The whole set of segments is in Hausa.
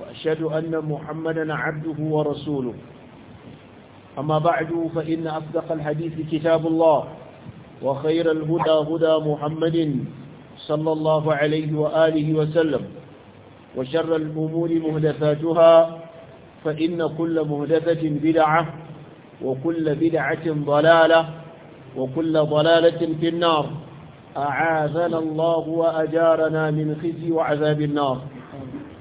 وأشهد أن محمدا عبده ورسوله أما بعد فإن أصدق الحديث كتاب الله وخير الهدى هدى محمد صلى الله عليه وآله وسلم وشر الأمور مهدفاتها فإن كل مهدفة بدعة وكل بدعة ضلالة وكل ضلالة في النار أعاذنا الله وأجارنا من خزي وعذاب النار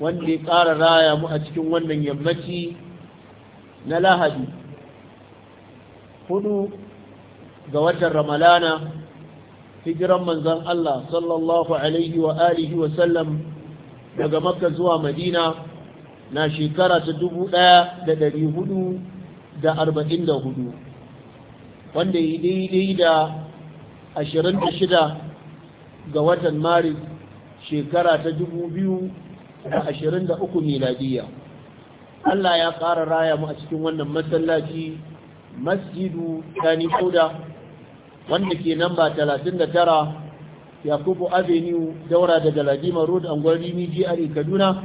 wanda ya ƙara raya mu a cikin wannan yammaci na lahadi hudu ga watan ramalana hijiran manzan Allah sallallahu alaihi wa alihi wa sallam daga makka zuwa madina na shekara ta dubu ɗaya da ɗari hudu da arba'in da hudu wanda ya daidai da ashirin da shida ga watan maris shekara ta dubu biyu da ashirin da uku miladiya Allah ya ƙara raya mu a cikin wannan masallaci masjidu Sani Koda wanda ke namba talatin da tara Yakubu Avenue daura daga Ladima Road Angwar Rimi GRA e, Kaduna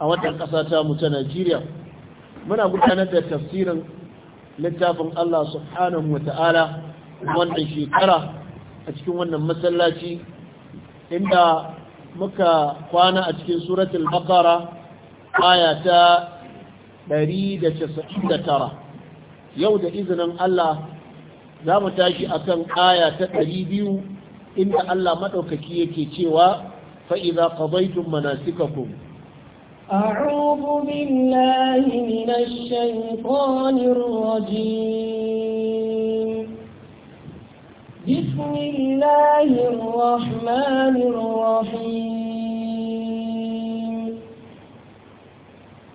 a watan ƙasa ta mu ta Najeriya muna gudanar da tafsirin littafin Allah subhanahu wa ta'ala wannan shekara a cikin wannan masallaci inda muka kwana a cikin suratul baqara aya ta 199 yau da izinin Allah za mu tashi akan aya ta 200 inda Allah madaukaki yake cewa fa idza qadaytum manasikakum أعوذ بالله من الشيطان الرجيم بسم الله الرحمن الرحيم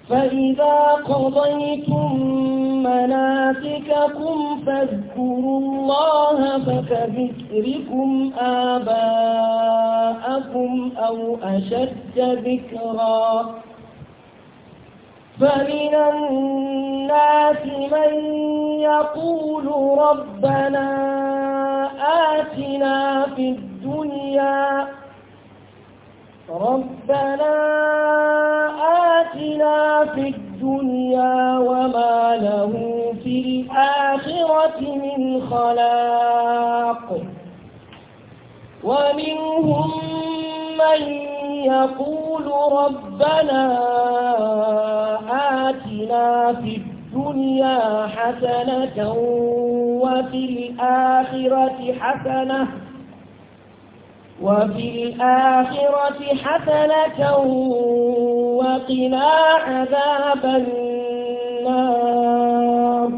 فإذا قضيتم مناسككم فاذكروا الله فكذكركم آباءكم أو أشد ذكرًا فمن الناس من يقول ربنا آتنا في الدنيا ربنا آتنا في الدنيا وما له في الآخرة من خلاق ومنهم من يقول ربنا آتنا في الدنيا حسنة وفي الآخرة حسنة وفي الآخرة حسنة وقنا عذاب النار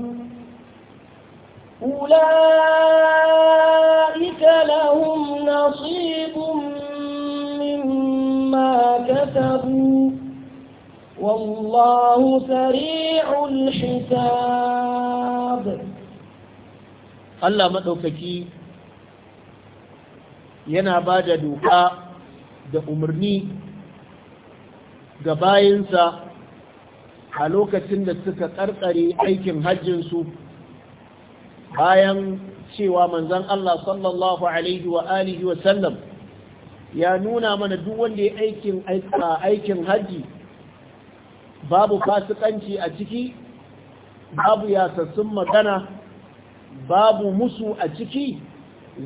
أولئك لهم نصيب اكتسبوا والله سريع الحساب الله yana ba da doka da umarni ga bayansa a lokacin da suka ƙarƙare aikin hajjinsu bayan cewa manzan Allah sallallahu Alaihi wa alihi wa sallam ya nuna mana duk wanda ya aikin aikin haji babu fasikanci a ciki babu yasassun magana babu musu a ciki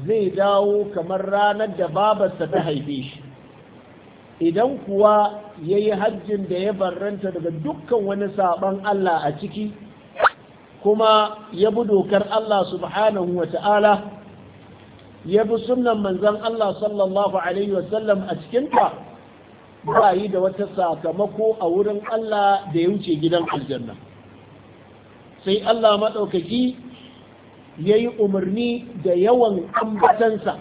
zai dawo kamar ranar da babarsa ta haife shi idan kuwa ya yi hajjin da ya barranta daga dukkan wani saban Allah a ciki kuma ya bi dokar Allah subhanahu wa ta'ala ya bi sunan manzan Allah sallallahu Alaihi wasallam a cikinta ba yi da wata sakamako a wurin Allah da ya wuce gidan aljanna sai Allah maɗaukaki ya yi umarni da yawan ambatansa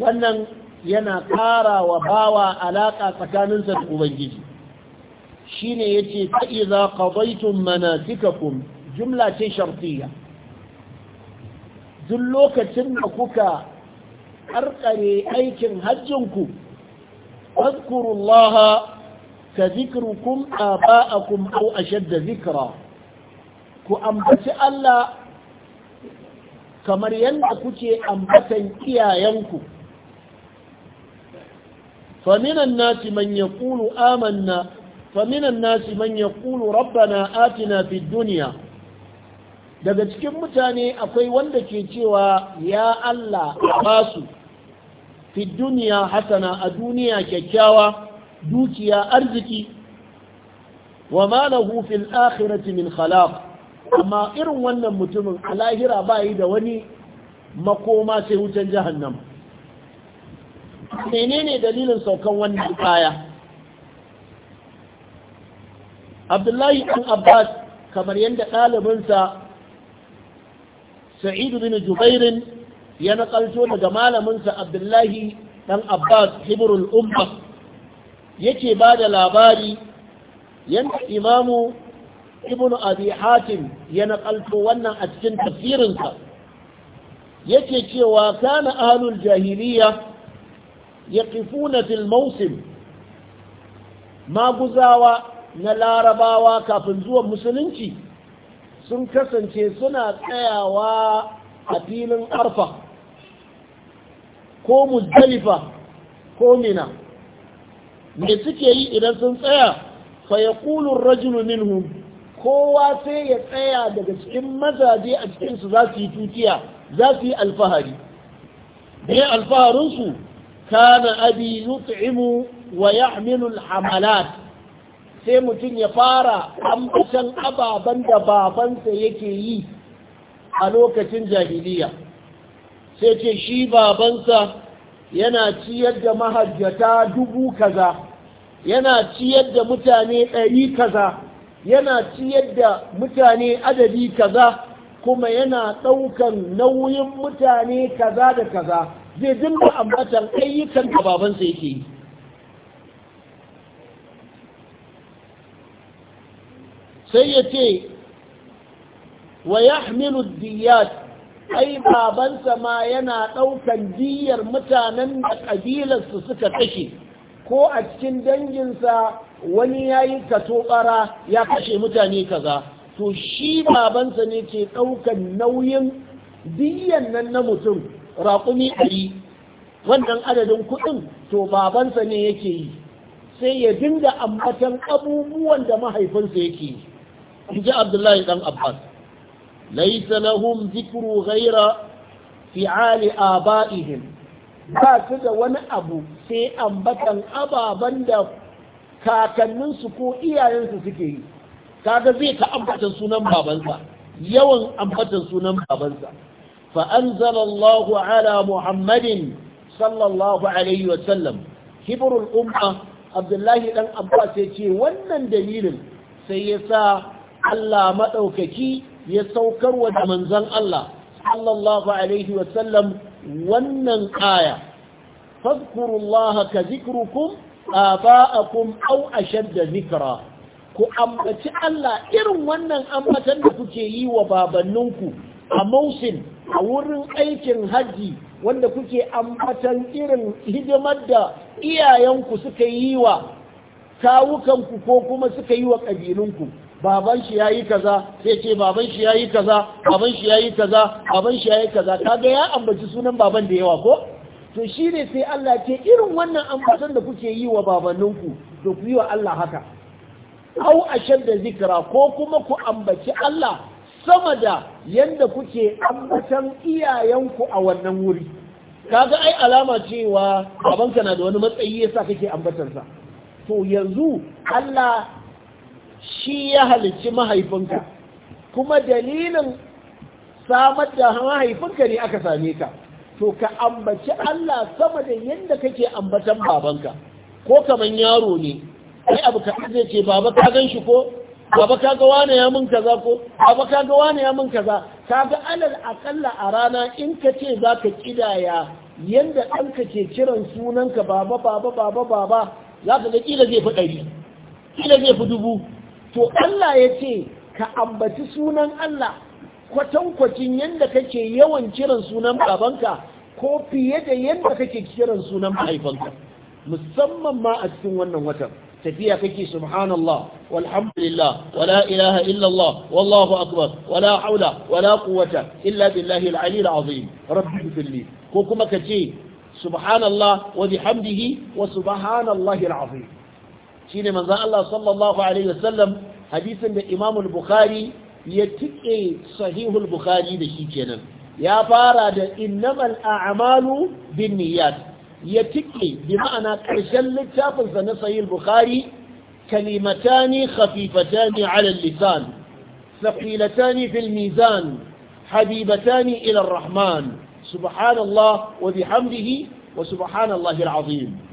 wannan yana ƙara wa bawa alaƙa tsakaninsa da Ubangiji shi ne ya ce ta iza ƙabaitun manatikakum jumla ce shartiya duk lokacin da kuka ƙarƙare aikin hajjinku fadkurullaha ka zikrukum aba'akum aw ashadda zikra ku ambaci Allah kamar yadda kuke ambatan iyayenku فمن الناس من يقول آمنا فمن الناس من يقول ربنا آتنا في الدنيا daga cikin mutane akwai wanda ke cewa ya Allah basu fi duniya hasana a duniya kyakkyawa dukiya arziki wa ma lahu fil akhirati min khalaq amma irin wannan mutumin a lahira bayi da wani makoma sai wutan jahannam menene dalilin saukan wannan aya Abdullahi ɗan Abbas kamar yadda ɗalibinsa Sa'idu bin jubair ya nakalto daga malaminsa abdullahi dan abbas hibrul umma yake ba da labari yanda imamu ibn abi hatim ya nakalto wannan a cikin tafsirinsa yake cewa kana ahlul jahiliya yaqifuna fil mawsim maguzawa na larabawa kafin zuwan musulunci sun kasance suna tsayawa a filin arfa ko muzdalifa ko mina me suke yi idan sun tsaya fa yaqulu ar-rajulu minhum kowa sai ya tsaya daga cikin mazaje a cikinsu za su yi tutiya za su yi alfahari me alfaharin su kana abi yut'imu wa ya'milu hamalat sai mutum ya fara ambatan ababen da babansa yake yi a lokacin jahiliya sai ce shi babansa yana ciyar da mahajjata dubu kaza yana ciyar da mutane ɗari kaza yana ciyar da mutane adadi kaza kuma yana ɗaukan nauyin mutane kaza da kaza zai dinga ambatan ayyukan da babansa yake yi sai ya ce wa ya hamilu ai babansa ma yana ɗaukan diyar mutanen da ƙabilarsu suka kashe ko a cikin danginsa wani ya yi ɓara ya kashe mutane kaza to shi babansa ne ke ɗaukan nauyin diyan nan na mutum raƙumi ɗari wannan adadin kuɗin to babansa ne yake yi sai ya dinga ambatan abubuwan da mahaifinsa yake yi in ji abdullahi dan abbas laisa lahum zikru ghaira fi'ali aba'ihim ba su da wani abu sai ambatan ababen da kakanninsu ko iyayensu suke yi kaga zai ka ambatan sunan babansa yawan ambatan sunan babansa fa anzalallahu ala muhammadin sallallahu alaihi wa sallam kibrul umma abdullahi dan abbas ya ce wannan dalilin sai ya sa Allah maɗaukaki ya saukar wa da manzan Allah sallallahu alaihi wasallam wannan aya fadkurullaha ka zikrukum aba'akum aw da zikra ku ambaci Allah irin wannan ambatan da kuke yi wa babanninku a mausin a wurin aikin haji wanda kuke ambatan irin hidimar da iyayenku suka yi wa kawukanku ko kuma suka yi wa ƙabilunku baban shi yayi kaza sai ce baban shi yayi kaza baban shi yayi kaza baban shi yayi kaza kaga ya ambaci sunan baban da yawa ko to shine sai Allah ce irin wannan ambatan da kuke yi wa babanninku to ku yi wa Allah haka au ashadda zikra ko kuma ku ambaci Allah sama da yanda kuke ambatan iyayenku a wannan wuri kaga ai alama cewa babanka na da wani matsayi yasa kake ambatansa to yanzu Allah shi ya halicci mahaifinka kuma dalilin samar da mahaifinka ne aka same ka to ka ambaci Allah sama da yadda kake ambatan babanka ko kaman yaro ne ai abu ka zai ce baba ka gan shi ko baba ka ga wani ya mun kaza ko baba ka ga wani ya mun kaza ka ga alal akalla a rana in ka ce za ka kidaya yadda ɗanka ke kiran sunanka baba baba baba baba za ka ga kila zai fi ɗari kila zai fi dubu to Allah ya ce ka ambaci sunan Allah kwatankwacin yadda kake yawan kiran sunan babanka ko fiye da yadda kake kiran sunan mahaifanka musamman ma a cikin wannan watan tafiya kake subhanallah walhamdulillah wala ilaha illallah wallahu akbar wala haula wala quwwata illa billahi al-ali al-azim rabbi fili ko kuma kace subhanallah wa bihamdihi wa subhanallahi al-azim shine manzan Allah sallallahu alaihi wasallam hadisin da imamul al-Bukhari ya tike sahihul Bukhari da shi kenan ya fara da innamal a'malu niyyat ya tike bi ma'ana karshen littafin sa na sahih al-Bukhari kalimatani khafifatani 'ala lisan thaqilatani fil mizan habibatani ila ar-rahman subhanallah wa bihamdihi wa subhanallahi al-azim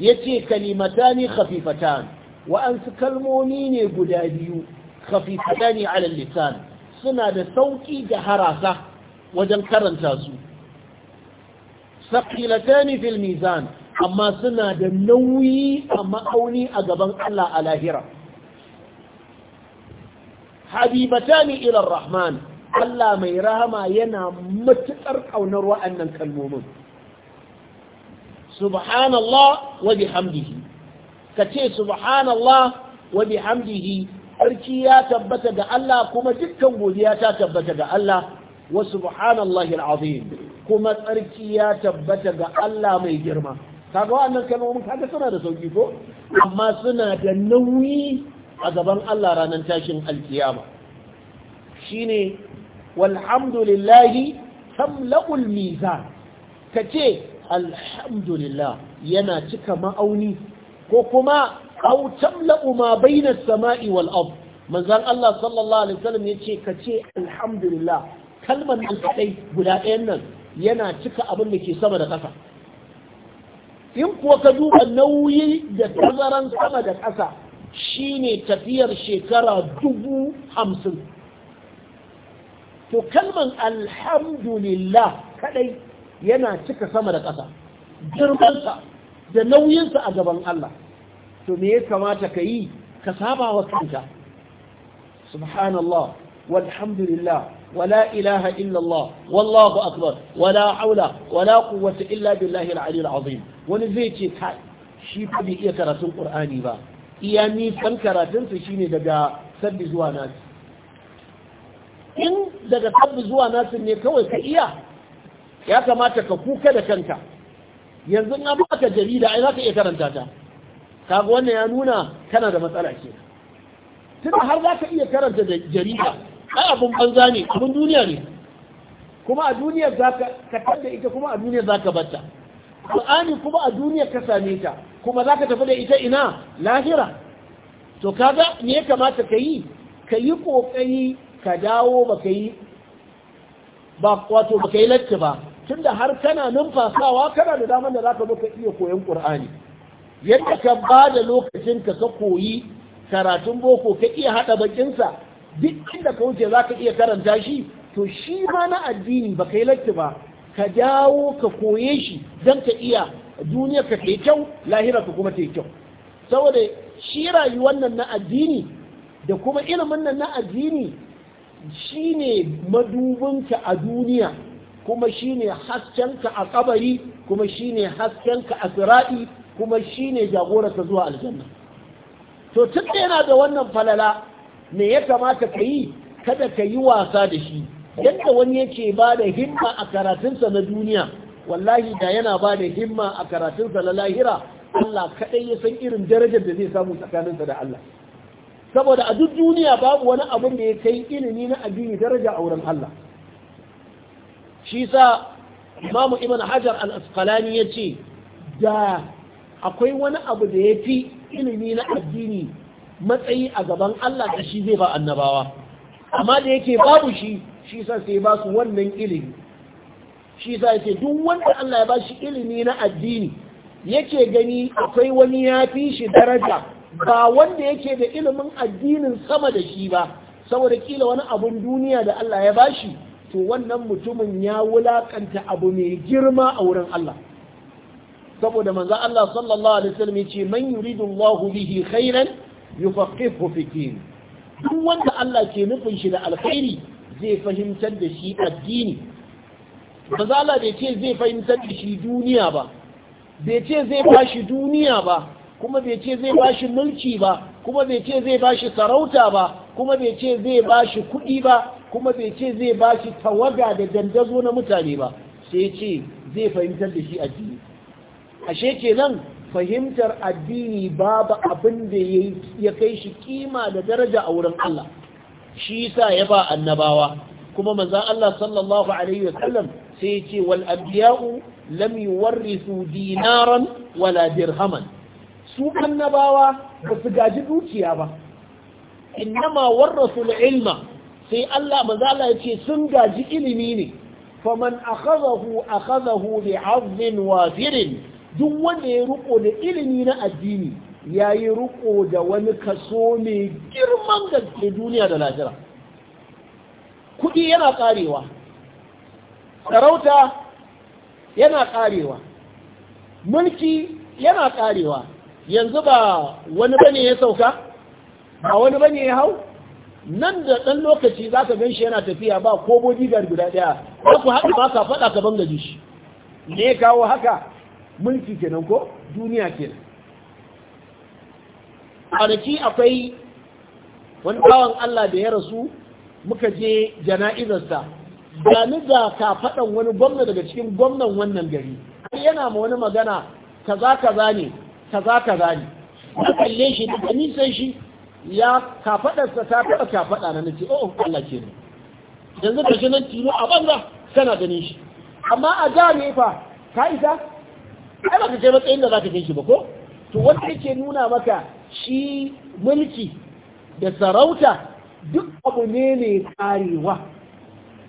yace kalimatani khafifatan wa an kalmomi ne guda biyu khafifatan ala lisan suna da sauki ga harasa wajen karanta su saqilatani fil mizan amma suna da nauyi a ma'auni a gaban Allah a lahira habibatani ila rahman Allah mai rahama yana matuƙar ƙaunar wa'annan kalmomin subhanallah wa bihamdihi ka ce subhanallah wa bihamdihi sarki ya tabbata ga Allah kuma dukkan godiya ta tabbata ga Allah wa subhanallahi alazim kuma tsarki ya tabbata ga Allah mai girma kaga wannan kalmomin kaga suna da sauki ko amma suna da nauyi a gaban Allah ranar tashin alkiyama shine walhamdulillahi tamla'ul mizan kace alhamdulillah yana cika ma'auni ko kuma au la'uma ma sama'i walab manzan manzon Allah sallallahu alaihi wasallam yace kace alhamdulillah kalman nan kadai guda ɗayan nan yana cika abin da ke sama da ƙasa in kuwa ka duba nauyi da tazaran sama da ƙasa shine tafiyar shekara dubu hamsin to kalman alhamdulillah kadai yana cika sama da ƙasa girmansa da nauyinsa a gaban Allah to me ya kamata ka yi ka saba wa kanta subhanallah walhamdulillah wala ilaha illallah wallahu akbar wala a'ula, wala quwwata illa billahi al-ali al-azim wani zai ce kai shi ba bai iya karatun qur'ani ba iya ni san karatun su shine daga sabbi zuwa nasi in daga sabbi zuwa nasu ne kawai ka iya ya kamata ka kuka da kanka yanzu na baka jarida ai za ka iya karanta ta kaga wannan ya nuna kana da matsala ke tun har za ka iya karanta da jarida ai abun banza ne abun duniya ne kuma a duniya za ka da ita kuma a duniya za ka batta Qur'ani kuma a duniyar ka same ta kuma za ka tafi da ita ina lahira to kaga me ya kamata ka yi ka yi ƙoƙari ka dawo baka yi ba wato ba ka yi latti ba tun da har kana numfasawa kana da damar da zaka zo ka iya koyon ƙur'ani yadda ka ba da lokacin ka ka koyi karatun boko ka iya haɗa bakinsa duk inda ka wuce za ka iya karanta shi to shi ma na addini ba yi latti ba ka dawo ka koye shi don ka iya duniya ka ta kyau lahira ka kuma ta kyau saboda shi rayuwar nan na addini da kuma ilimin nan na addini shi ne madubinka a duniya kuma shine haskenka a kabari kuma shine haskenka a sira'i kuma shine jagoranta zuwa aljanna to tun da yana da wannan falala me ya kamata ka yi kada ka yi wasa da shi yadda wani yake ba da himma a karatunsa na duniya wallahi da yana ba da himma a karatunsa na lahira Allah kaɗai ya san irin darajar da zai samu tsakaninsa da Allah saboda a duk duniya babu wani abin da ya kai ilimi na addini daraja a wurin Allah shi sa imamu ibn hajar al-asqalani ya ce da akwai wani abu da ya fi ilimi na addini matsayi a gaban Allah da shi zai ba annabawa amma da yake babu shi shi sa sai ba su wannan ilimi shi sa yake duk wanda Allah ya ba shi ilimi na addini yake gani akwai wani ya fi shi daraja ba wanda yake da ilimin addinin sama da shi ba saboda kila wani abun duniya da Allah ya bashi to wannan mutumin ya wulakanta abu mai girma a wurin Allah saboda manzo Allah sallallahu alaihi wasallam yace man yuridu Allahu bihi khairan yufaqihu fi din duk wanda Allah ke nufin shi da alkhairi zai fahimtar da shi addini za Allah bai ce zai fahimtar da shi duniya ba bai ce zai bashi duniya ba kuma bai ce zai bashi mulki ba kuma bai ce zai bashi sarauta ba kuma bai ce zai bashi kuɗi ba kuma bai ce zai ba shi tawaga da dandazo na mutane ba sai ce zai fahimtar da shi addini ashe kenan fahimtar addini babu abin da ya kai shi kima da daraja a wurin Allah shi yasa ya ba annabawa kuma manzon Allah sallallahu alaihi wasallam sai ce wal anbiya'u lam yuwarrisu dinaran wala dirhaman su annabawa ba su gaji dukiya ba innama warrasu ilma sai Allah mazala ya ce sun gaji ilimi ne faman akhadahu akhadahu bi azmin wafirin duk wanda ya riko da ilimi na addini yayi riko da wani kaso mai girman gaske duniya da lahira kuɗi yana ƙarewa sarauta yana ƙarewa mulki yana ƙarewa yanzu ba wani bane ya sauka ba wani bane ya hau nan da ɗan lokaci za ka gan shi yana tafiya ba ko bodyguard guda ɗaya za ku haɗa ba ka faɗa ka bangaji shi ne kawo haka mulki kenan ko duniya kenan kwanaki akwai wani bawan Allah da ya rasu muka je jana'izarsa ba ni da ka faɗan wani gwamna daga cikin gwamnan wannan gari yana ma wani magana kaza kaza ne kaza kaza ne na kalle shi da nisan shi ya kafadarsa ta taɓa kafada na nace oh Allah ke ne yanzu ka nan tilo a banza kana ganin shi amma a da ne fa ka isa ai ba ka je matsayin da zaka gani shi ba ko to wanda yake nuna maka shi mulki da sarauta duk abu ne ne karewa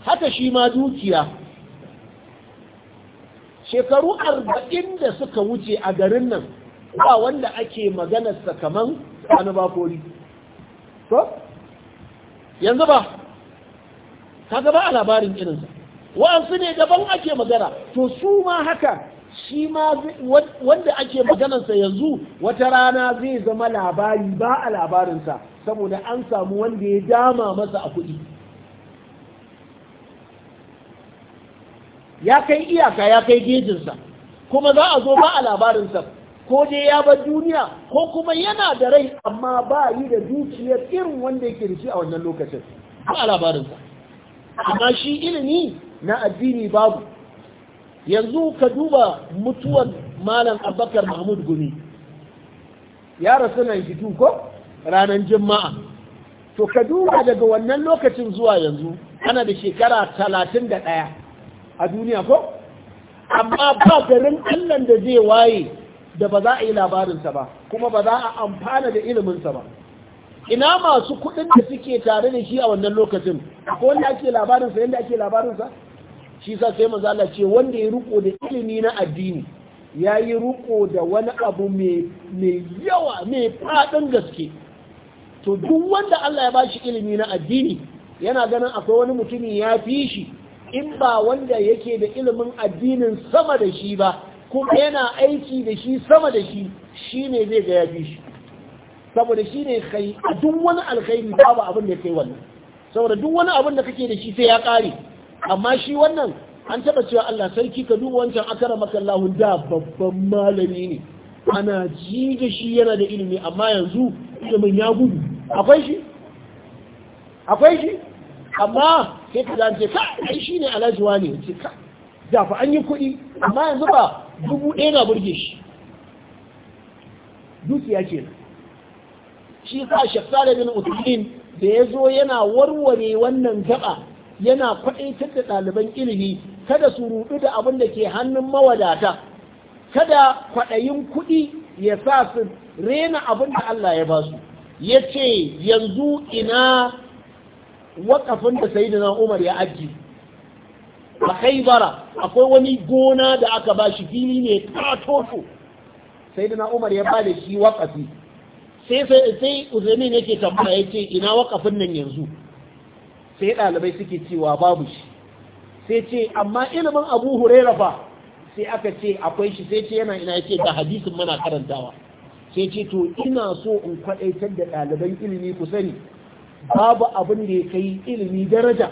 haka shi ma dukiya shekaru arba'in da suka wuce a garin nan ba wanda ake maganarsa kaman wani bakori to yanzu ba kaga ba a labarin irinsa wa'ansu ne daban ake magana to su ma haka shi ma wanda ake maganarsa yanzu wata rana zai zama labari ba a labarinsa saboda an samu wanda ya dama masa a kuɗi ya kai iyaka ya kai gejinsa kuma za a zo ba a labarinsa ko je ya bar duniya ko kuma yana da rai amma ba yi da zuciyar irin wanda yake da shi a wannan lokacin ba labarinsa amma shi ilimi na addini babu yanzu ka duba mutuwar malam abakar mahmud gumi ya rasu 92 ko ranar jima'a to ka duba daga wannan lokacin zuwa yanzu ana da shekara 31 a duniya ko amma ba garin allan da zai waye da ba za a yi labarinsa ba kuma ba za a amfana da iliminsa ba ina masu kuɗin da suke tare da shi a wannan lokacin ko wanda ake labarinsa yadda ake labarinsa shi sa sai mazala ce wanda ya ruko da ilimi na addini ya yi ruko da wani abu mai yawa mai faɗin gaske to duk wanda Allah ya bashi ilimi na addini yana ganin akwai wani mutumi ya fi shi in ba wanda yake da ilimin addinin sama da shi ba kuma yana aiki da shi sama da shi shi ne zai ga shi saboda shi ne kai a duk wani alkhairi babu abin da kai wannan saboda duk wani abin da kake da shi sai ya kare amma shi wannan an taba cewa Allah sarki ka duba wancan akara makallahu da babban malami ne ana ji da shi yana da ilimi amma yanzu ilimin ya gudu akwai shi akwai shi amma sai ka zance ka shi ne alajuwa ne ka da fa an yi kuɗi amma yanzu ba dubu ɗaya na burge shi dukiya ke nan shi sa da bin usulin da ya zo yana warware wannan gaba yana kwaɗaitar da ɗaliban ilimi kada su rudu da abin da ke hannun mawadata kada kwaɗayin kuɗi ya sa su rena abin da Allah ya ba su ya ce yanzu ina wakafin da na umar ya ajiye a haibara akwai wani gona da aka ba shi fili ne katoto sai da na umar ya bada shi wakafi sai sai ne ke tambaya ya ce ina wakafin nan yanzu sai ɗalibai suke cewa babu shi sai ce amma ilimin abu huraira fa sai aka ce akwai shi sai ce yana ina ya ce ga hadisin mana karantawa sai ce to ina so in kwaɗaitar da ɗaliban ilimi ku sani babu abin da ya kai ilimi daraja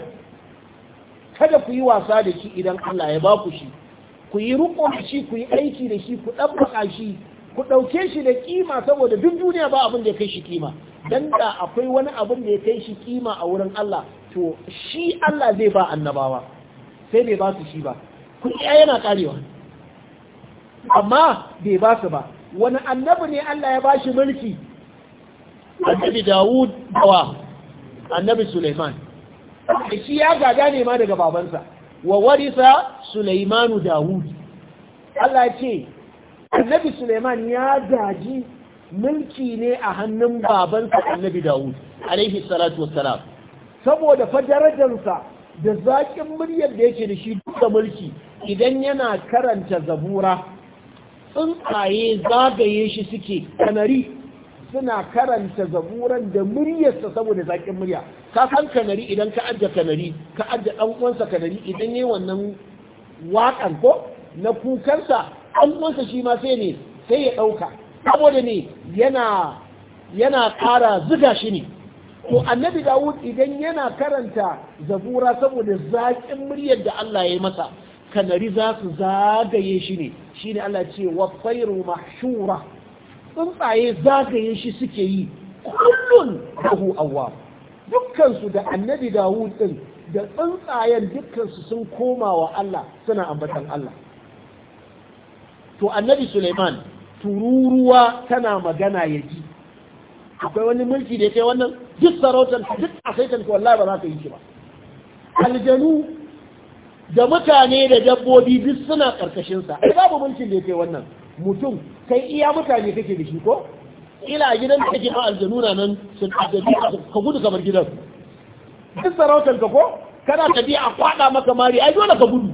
kada ku yi wasa da shi idan Allah ya ba ku shi ku yi riko da shi ku yi aiki da shi ku ɗabbaka shi ku ɗauke shi da kima saboda duk duniya ba abin da ya kai shi kima dan da akwai wani abin da ya kai shi kima a wurin Allah to shi Allah zai ba annabawa sai bai ba su shi ba iya yana karewa amma bai ba su ba wani annabi ne Allah ya ba shi mulki annabi Dawud dawa annabi Sulaiman shi ya gada ne ma daga babansa wa warisa Sulaimanu Dawud Allah ce Annabi Sulaiman ya gaji mulki ne a hannun babansa Annabi Dawud alaihi salatu wassalam saboda fa darajarsa da zaƙin muryar da yake da shi duka mulki idan yana karanta zabura tsuntsaye zagaye shi suke kanari suna karanta zaburan da muryarsa saboda zaƙin murya ka san kanari idan ka ajja kanari ka ajja ɗan uwansa kanari idan yayi wannan waƙan ko na kukansa ɗan uwansa shi ma sai ne sai ya ɗauka saboda ne yana yana ƙara zuga shi ne to annabi dawud idan yana karanta zabura saboda zaƙin muryar da Allah ya yi masa kanari za su zagaye shi ne shine Allah ce wa khairu mahshura tsuntsaye za ka yi shi suke yi kullun lahu awwa dukkansu da annabi dawud din da tsuntsayen dukkansu sun koma wa Allah suna ambatan Allah to annabi suleiman tururuwa tana magana ya ji akwai wani mulki da ya kai wannan duk sarautar duk asaitan ka wallahi ba za ka yi shi ba aljanu da mutane da dabbobi duk suna karkashin sa ai babu mulkin da ya kai wannan mutum kai iya mutane kake da shi ko ila gidan da kake ma aljanuna nan sun addabi ka gudu kamar gidan duk sarautar ka ko kana tafiya a kwada maka mari ai dole ka gudu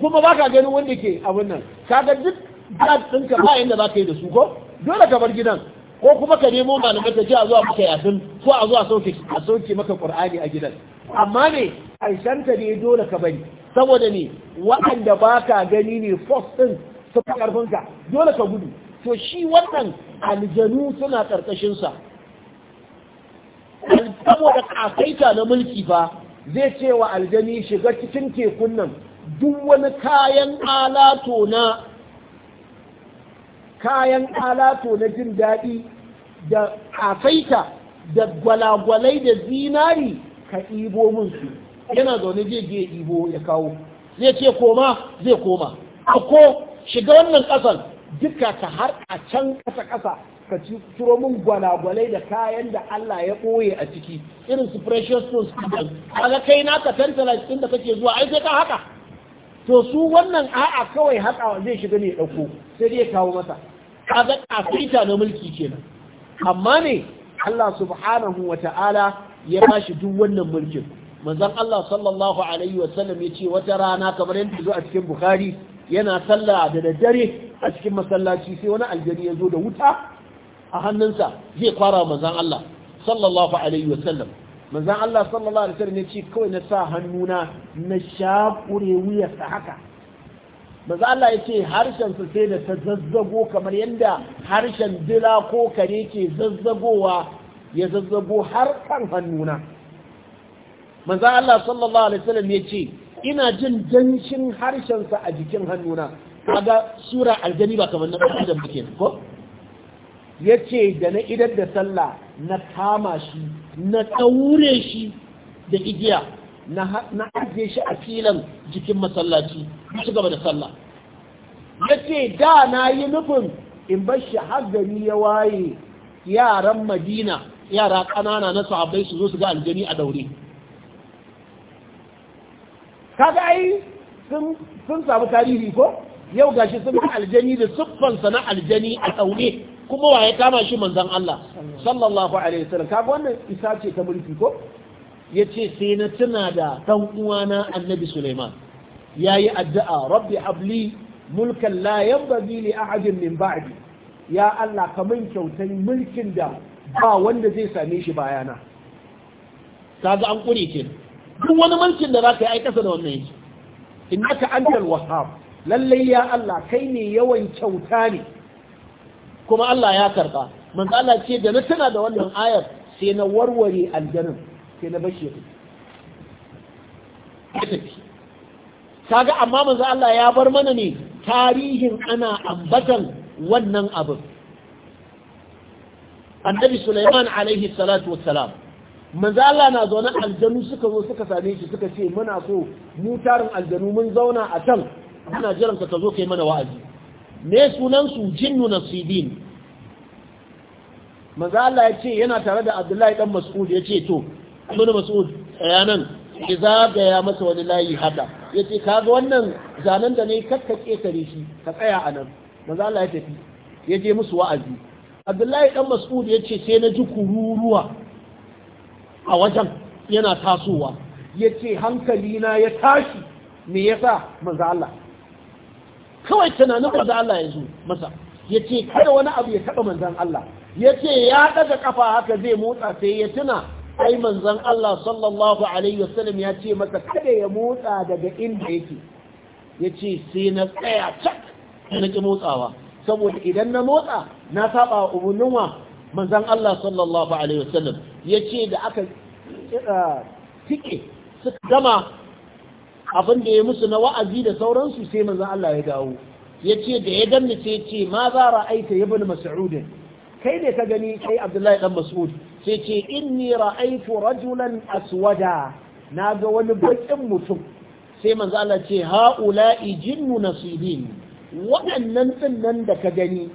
kuma ba ka ganin wanda ke abin nan kaga duk dad ɗinka ba inda za ka yi da su ko dole ka bar gidan ko kuma ka nemo malamai ta ji a zuwa maka yasin ko a zuwa sauke a sauke maka qur'ani a gidan amma ne aishanta ne dole ka bari saboda ne waɗanda ba ka gani ne force ɗin suka ƙarfinka dole ka gudu to shi wannan aljanu suna karkashinsa saboda kafaita na mulki fa zai ce wa aljani shiga cikin tekun nan duk wani kayan alato na kayan alato na jin daɗi da kafaita da gwalagwalai da zinari ka ibo mun su yana zaune zai je ibo ya kawo zai ce koma zai koma ako shiga wannan ƙasan duka ka har a can ƙasa-ƙasa ka ciro min gwalagwalai da kayan da Allah ya ɓoye a ciki irin su precious stones ɗin kaga kai ka tantalite ɗin da kake zuwa ai sai ka haka to su wannan a'a kawai haka zai shiga ne ɗauko sai dai kawo masa kaga kafita na mulki kenan amma ne Allah subhanahu wa ta'ala ya bashi duk wannan mulkin manzon Allah sallallahu alaihi Wasallam ya ce wata rana kamar yadda zo a cikin Bukhari yana sallah da daddare a cikin masallaci sai wani aljani ya zo da wuta a hannunsa zai fara manzan Allah sallallahu alaihi wasallam manzan Allah sallallahu alaihi wasallam ya ce kawai na sa hannuna na shakure wuyarsa haka manzan Allah ya ce harshensa sai da ta zazzago kamar yadda harshen dila ko kare ke zazzagowa ya zazzago har kan hannuna manzan Allah sallallahu alaihi wasallam ya ce ina jin danshin harshensa a jikin hannuna kaga sura aljani ba kamar na adam take ko yace da na idar da sallah na kama shi na ɗaure shi da igiya na ajiye shi a filan jikin masallaci ci gaba da sallah yace da na yi nufin in bar shi har gari ya waye yaran madina yara ƙanana na sahabbai su zo su ga aljani a daure kaga ai sun samu tarihi ko yau gashi sun ga aljani da siffansa na aljani a tsaune kuma wa ya kama shi manzon Allah sallallahu alaihi wasallam kaga wannan isa ce ta mulki ko yace sai na tuna da dan uwana annabi Sulaiman yayi addu'a rabbi habli mulkan la yanbaghi li ahadin min ba'di ya Allah ka min mulkin da ba wanda zai same shi bayana kaga an kure kenan duk wani mulkin da za ka yi aikasa da wannan yake ka antal wahhab lallai ya Allah kai ne yawan kyauta ne kuma Allah ya karba manzo Allah ce da na tana da wannan ayar sai na warware aljanin sai na bashe tafi kaga amma manzo Allah ya bar mana ne tarihin ana ambatan wannan abin annabi Sulaiman alaihi salatu wassalam manzo Allah na zaune aljanu suka zo suka same shi suka ce muna so mu tarin aljanu mun zauna a can ana jiran ka zo kai mana wa'azi me sunan su jinnu nasibin manzo Allah ya ce yana tare da Abdullahi dan Mas'ud ya ce to ibn Mas'ud ayanan idza ga ya masa wani layi hada. yace kaga wannan zanen da ne kakkake tare shi ka tsaya anan manzo Allah ya tafi ya je musu wa'azi Abdullahi dan Mas'ud ya ce sai na ji kururuwa a wajen yana tasowa ya ce hankalina ya tashi me yasa manzo Allah kawai tunanin manzo Allah ya zo masa ya ce kada wani abu ya taɓa manzan Allah ya ce ya ɗaga ƙafa haka zai motsa sai ya tuna ai manzan Allah sallallahu alaihi wasallam ya ce masa kada ya motsa daga inda yake ya ce sai na tsaya cak na ƙi motsawa saboda idan na motsa na saba a wa manzan Allah sallallahu alaihi wasallam ya ce da aka eh, tike suka gama abin da ya musu na wa'azi da sauransu sai manzan Allah ya dawo ya ce da ya ganni sai ce ma za ra'aita ya bin mas'udin kai ne ka gani kai abdullahi dan mas'ud sai ce inni ra'aitu rajulan aswada na ga wani baƙin mutum sai manzo Allah ce ha'ula'i jinnu nasibin waɗannan tsinnan da ka gani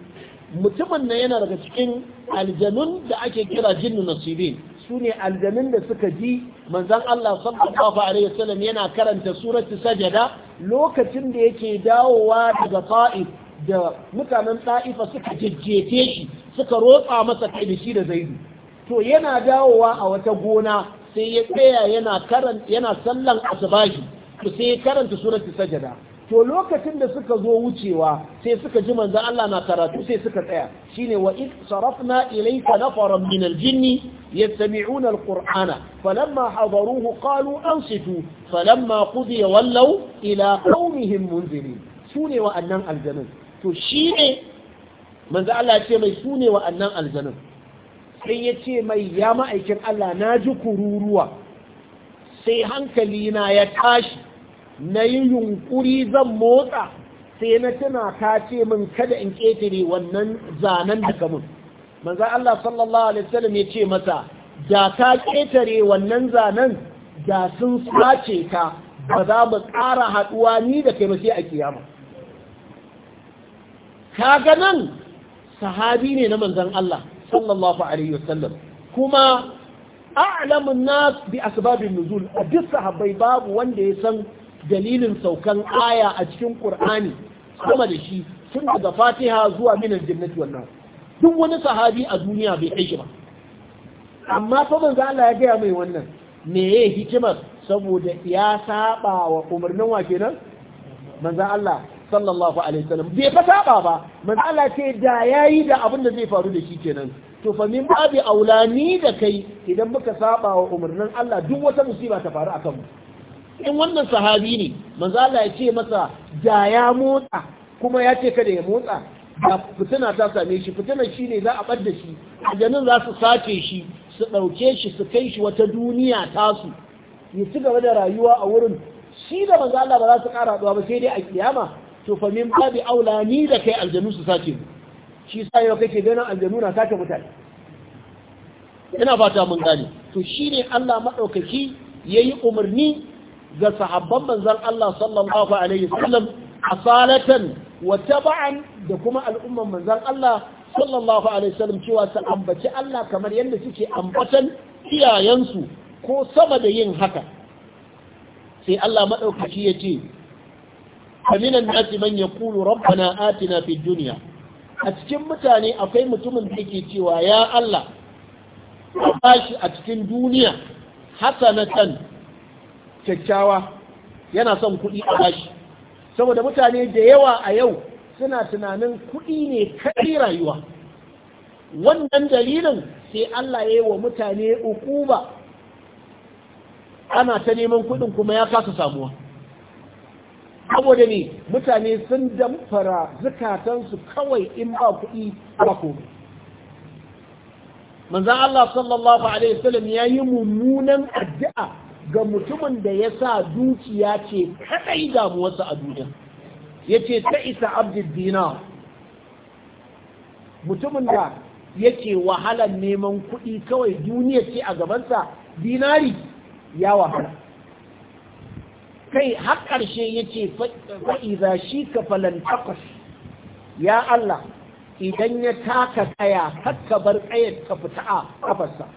mutumin nan yana daga cikin aljanun da ake kira jinnu nasibin su ne aljanun da suka ji manzon Allah sallallahu alaihi wasallam yana karanta suratu sajada lokacin da yake dawowa daga ta'if da mutanen ta'ifa suka jejjete shi suka rotsa masa kai da shi da zaidu to yana dawowa a wata gona sai ya tsaya yana karan yana sallan asbahi to sai ya karanta suratu sajada to lokacin da suka zo wucewa sai suka ji manza Allah na karatu sai suka tsaya shine wa id sarafna ilayka nafaran min aljinn yastami'una alqur'ana falamma hadaruhu qalu ansitu falamma qudiya wallaw ila qaumihim munzirin sune wa'annan aljanun to shine manzon Allah ya ce mai sune wa'annan aljanun sai ya ce mai ya ma'aikin Allah na ji kururuwa sai hankali na ya tashi na yi yunkuri zan motsa sai na tana ta ce min kada in ƙetare wannan zanen da kamun manzo Allah sallallahu alaihi wasallam ya ce mata da ta ƙetare wannan zanen da sun sace ta ba za mu ƙara haɗuwa ni da kai sai a kiyama kaga nan sahabi ne na manzan Allah sallallahu alaihi wasallam kuma a'lamun nas bi asibabin nuzul a duk sahabbai babu wanda ya san dalilin saukan aya a cikin ƙur'ani kuma da shi tun daga Fatiha zuwa minan jannati wannan duk wani sahabi a duniya bai aiki ba amma fa manzo Allah ya gaya mai wannan me ye hikimar saboda ya saba wa umarnin wa kenan manzo Allah sallallahu alaihi wasallam bai fa saba ba manzo Allah ce da yayi da abin da zai faru da shi kenan to fa min babi aulani da kai idan muka saba wa umarnin Allah duk wata musiba ta faru akan mu in wannan sahabi ne mazala Allah ya ce masa da ya motsa kuma ya ce kada ya motsa da fitina ta same shi fitina shi ne za a ɓadda shi aljanun za su sace shi su ɗauke shi su kai shi wata duniya tasu ya ci gaba da rayuwa a wurin shi da manzo Allah ba za su ƙara haɗuwa ba sai dai a kiyama to fa min babi aula ni da kai aljanu su sace mu shi sa yau kake ganin aljanu na sace mutane ina fata mun gane to ne Allah ya yi umarni ga sahabban manzan Allah sallallahu alaihi wasallam asalatan wa ba'an da kuma al'umman manzon Allah sallallahu alaihi wasallam cewa ta ambaci Allah kamar yadda suke ambatan iyayensu ko sama da yin haka sai Allah madaukaki yace kaminan nasi man kulu rabbana atina fi duniya. a cikin mutane akwai mutumin da yake cewa ya Allah bashi a cikin duniya hasanatan kyakkyawa yana son kuɗi a bashi saboda mutane da yawa a yau suna tunanin kuɗi ne kai rayuwa wannan dalilin sai Allah ya yi wa mutane ukuba ana ta neman kuɗin kuma ya kasa samuwa saboda ne mutane sun damfara zukatansu kawai in ba kuɗi ba komai manzan Allah sallallahu Alaihi wasallam ya yi mummunan addu'a ga mutumin da ya sa dukiya ce kadai damuwarsa a duniya ya ce ta isa abdul mutumin da ya yake wahalar neman kuɗi kawai duniya ce a gabansa dinari ya wahala kai har ƙarshe ya ce fa'iza shi ka falon takwas ya Allah idan ya taka kaya kakkabar bar tsayar ka fita a ƙafarsa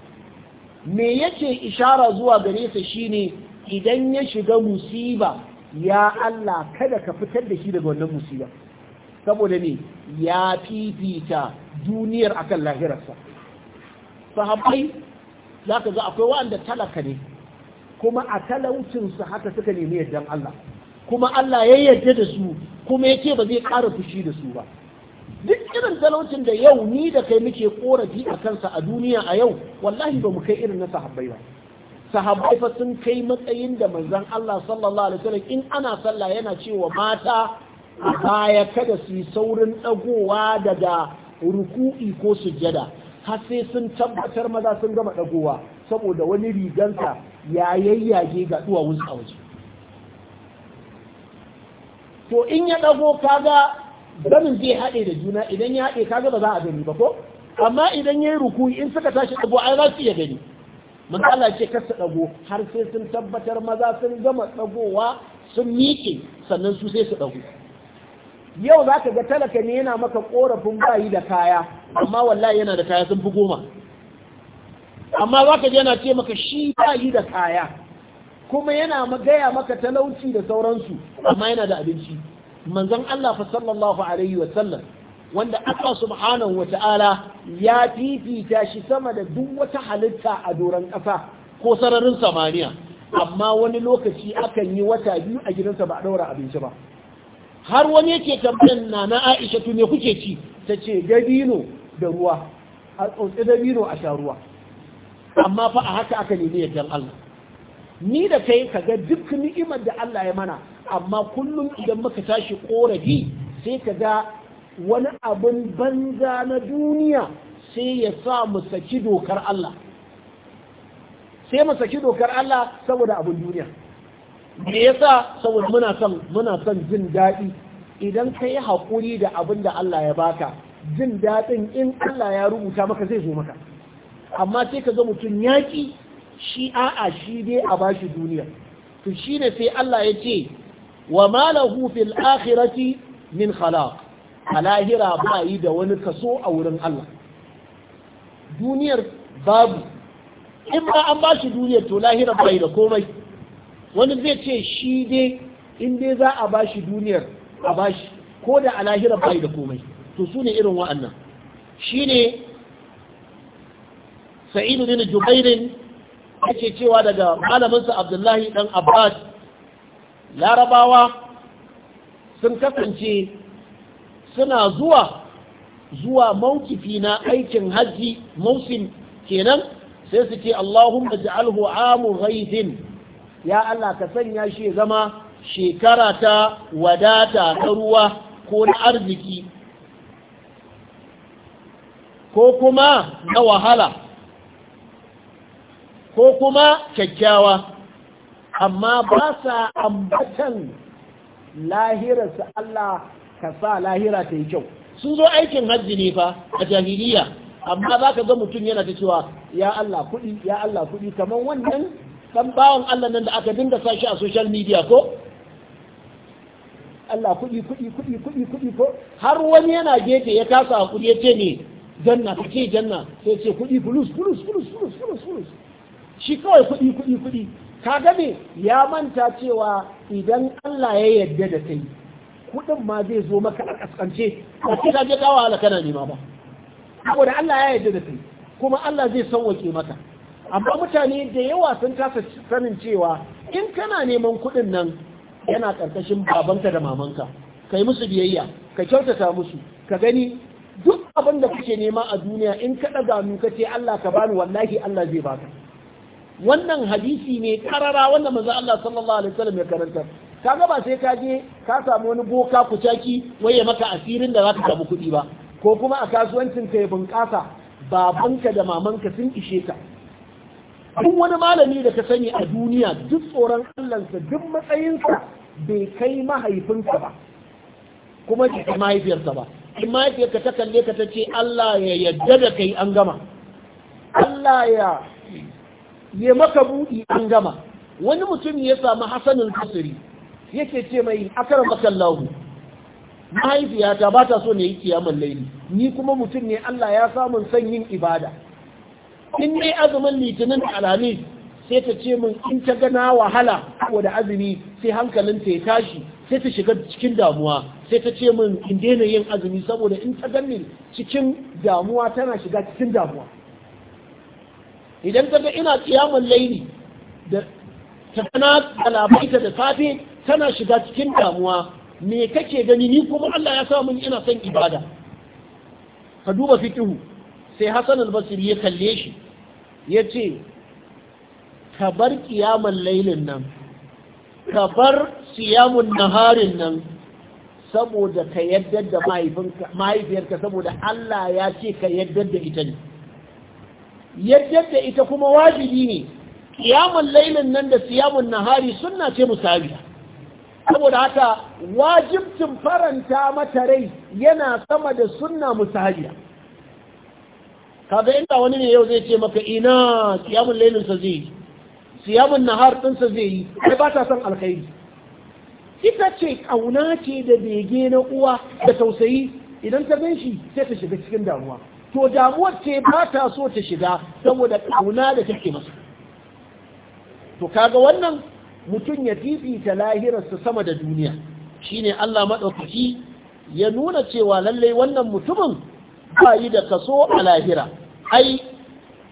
me yake ishara zuwa gare sa shine idan ya shiga musiba ya Allah kada ka fitar da shi daga wannan musiba saboda ne ya fifita duniyar akan lahirarsa sahabbai za ka za akwai wa'anda talaka ne kuma a talaucinsu haka suka nemi yardan Allah kuma Allah ya yarda da su kuma ya ce ba zai ƙara fushi da su ba duk irin talaucin da yau ni da kai muke korafi a kansa a duniya a yau wallahi ba mu kai irin na sahabbai ba sahabbai fa sun kai matsayin da manzon Allah sallallahu alaihi wasallam in ana sallah yana cewa mata a baya kada su yi saurin dagowa daga ruku'i ko sujada, har sai sun tabbatar maza sun gama dagowa saboda wani rigansa ya yayyage ga duwawun a waje to in ya dago kaga zanin zai haɗe da juna idan ya haɗe kaga ba za a gani ba ko amma idan ya yi ruku in suka tashi ɗago a za su iya gani mun Allah ce kasa ɗago har sai sun tabbatar maza sun gama ɗagowa sun miƙe sannan su sai su ɗago yau za ka ga talaka ne yana maka ƙorafin bayi da kaya amma wallahi yana da kaya sun fi goma amma za ka yana ce maka shi bayi da kaya kuma yana gaya maka talauci da sauransu amma yana da abinci manzon Allah fa sallallahu alaihi wa sallam wanda Allah subhanahu wa ta'ala ya fifita shi sama da duk wata halitta a doron ƙasa ko sararin samaniya amma wani lokaci akan yi wata biyu a gidansa ba a daura abinci ba har wani yake tambayan na na Aisha to me kuke ci ta ce dabino da ruwa a tsotsi dabino a sha ruwa amma fa a haka aka nemi yaddan Allah ni da kai kaga duk ni'imar da Allah ya mana amma kullum idan muka tashi korafi sai ka ga wani abin banza na duniya sai ya sa mu saki dokar Allah sai mu saki dokar Allah saboda abin duniya me yasa saboda muna son muna son jin daɗi idan ka yi haƙuri da abin da Allah ya baka jin daɗin in Allah ya rubuta maka zai zo maka amma sai ka ga mutum yaƙi shi a'a shi dai a bashi duniya to shi ne sai Allah ya ce wa malahu fil akhirati min khalaq a lahira ba yi da wani kaso a wurin Allah duniyar babu in ba an ba shi duniyar to lahira ba yi da komai wani zai ce shi dai in dai za a ba shi duniyar a ba shi ko da a lahira ba yi da komai to su ne irin wa'annan shi ne sa'idu bin jubairin ake cewa daga malaminsa abdullahi dan abbas larabawa sun kasance suna zuwa zuwa maukifi na aikin hajji mausin kenan sai su ce Allahumma ja'alhu amu ghaidin ya Allah ka sanya shi zama shekara ta wadata ta ruwa ko na arziki ko kuma na wahala ko kuma kyakkyawa amma ba sa ambatan lahirarsa Allah ka sa lahira ta yi kyau sun zo aikin hajji ne fa a jahiliya amma za ka ga mutum yana ta cewa ya Allah kuɗi ya Allah kuɗi kamar wannan ɗan bawan Allah nan da aka dinga shi a social media ko Allah kuɗi kuɗi kuɗi kuɗi kuɗi ko har wani yana gefe ya kasa a kuɗi ya ce ne janna ka ce janna sai ce kuɗi fulus fulus fulus fulus fulus shi kawai kuɗi kuɗi kuɗi ka me ya manta cewa idan Allah ya yarda da kai kudin ma zai zo maka a kaskance ba ka je kawo ala kana nema ba saboda Allah ya yarda da kai kuma Allah zai sauwake maka amma mutane da yawa sun kasa sanin cewa in kana neman kudin nan yana karkashin babanka da mamanka kai musu biyayya ka kyautata musu ka gani duk abin da kake nema a duniya in ka daga mu kace Allah ka bani wallahi Allah zai baka wannan hadisi ne karara wanda manzo Allah sallallahu alaihi wasallam ya karanta kaga ba sai ka je ka samu wani boka kucaki waye maka asirin da zaka samu kuɗi ba ko kuma a kasuwancin ka ya bunƙasa babanka da mamanka sun ishe ka duk wani malami da ka sani a duniya duk tsoron Allahnsa duk matsayinsa bai kai mahaifinsa ba kuma bai mahaifiyarsa ba in mahaifiyarka ta kalle ka ta ce Allah ya yarda da kai an gama Allah ya ya maka buɗi an gama wani mutum ya samu hasanin kasiri yake ce mai akara makallahu mahaifiyata ba ta so ne yi kiyaman laili ni kuma mutum ne Allah ya samun son yin ibada in ne azumin litinin alamis sai ta ce min in ta gana wahala da azumi sai hankalin ta ya tashi sai ta shiga cikin damuwa sai ta ce min in daina yin azumi saboda in ta ganni cikin damuwa tana shiga cikin damuwa idan ta ga ina kiyaman laili da ta kana galabaita da safe tana shiga cikin damuwa me kake gani ni kuma Allah ya sa mun ina son ibada ka duba fikihu sai Hassan al-Basri ya kalle shi ya ce ka bar kiyamun lailin nan ka bar siyamun naharin nan saboda ka yadda da mahaifiyarka saboda Allah ya ce ka yarda da ita ne yadda da ita kuma wajibi ne kiyamun lailin nan da siyamun nahari sunna ce musabiya saboda haka wajibcin faranta mata rai yana sama da sunna musabiya kaga inda wani ne yau zai ce maka ina kiyamun lailin sa zai yi siyamun nahar ɗinsa zai yi ai ba ta son alkhairi ita ce kauna ce da bege na uwa da tausayi idan ta gan shi sai ta shiga cikin damuwa to damuwar ce ba ta so ta shiga saboda ƙauna da take masa to kaga wannan mutum ya fifita lahirarsa sama da duniya shine Allah maɗaukaki ya nuna cewa lallai wannan mutumin ba yi da kaso a lahira ai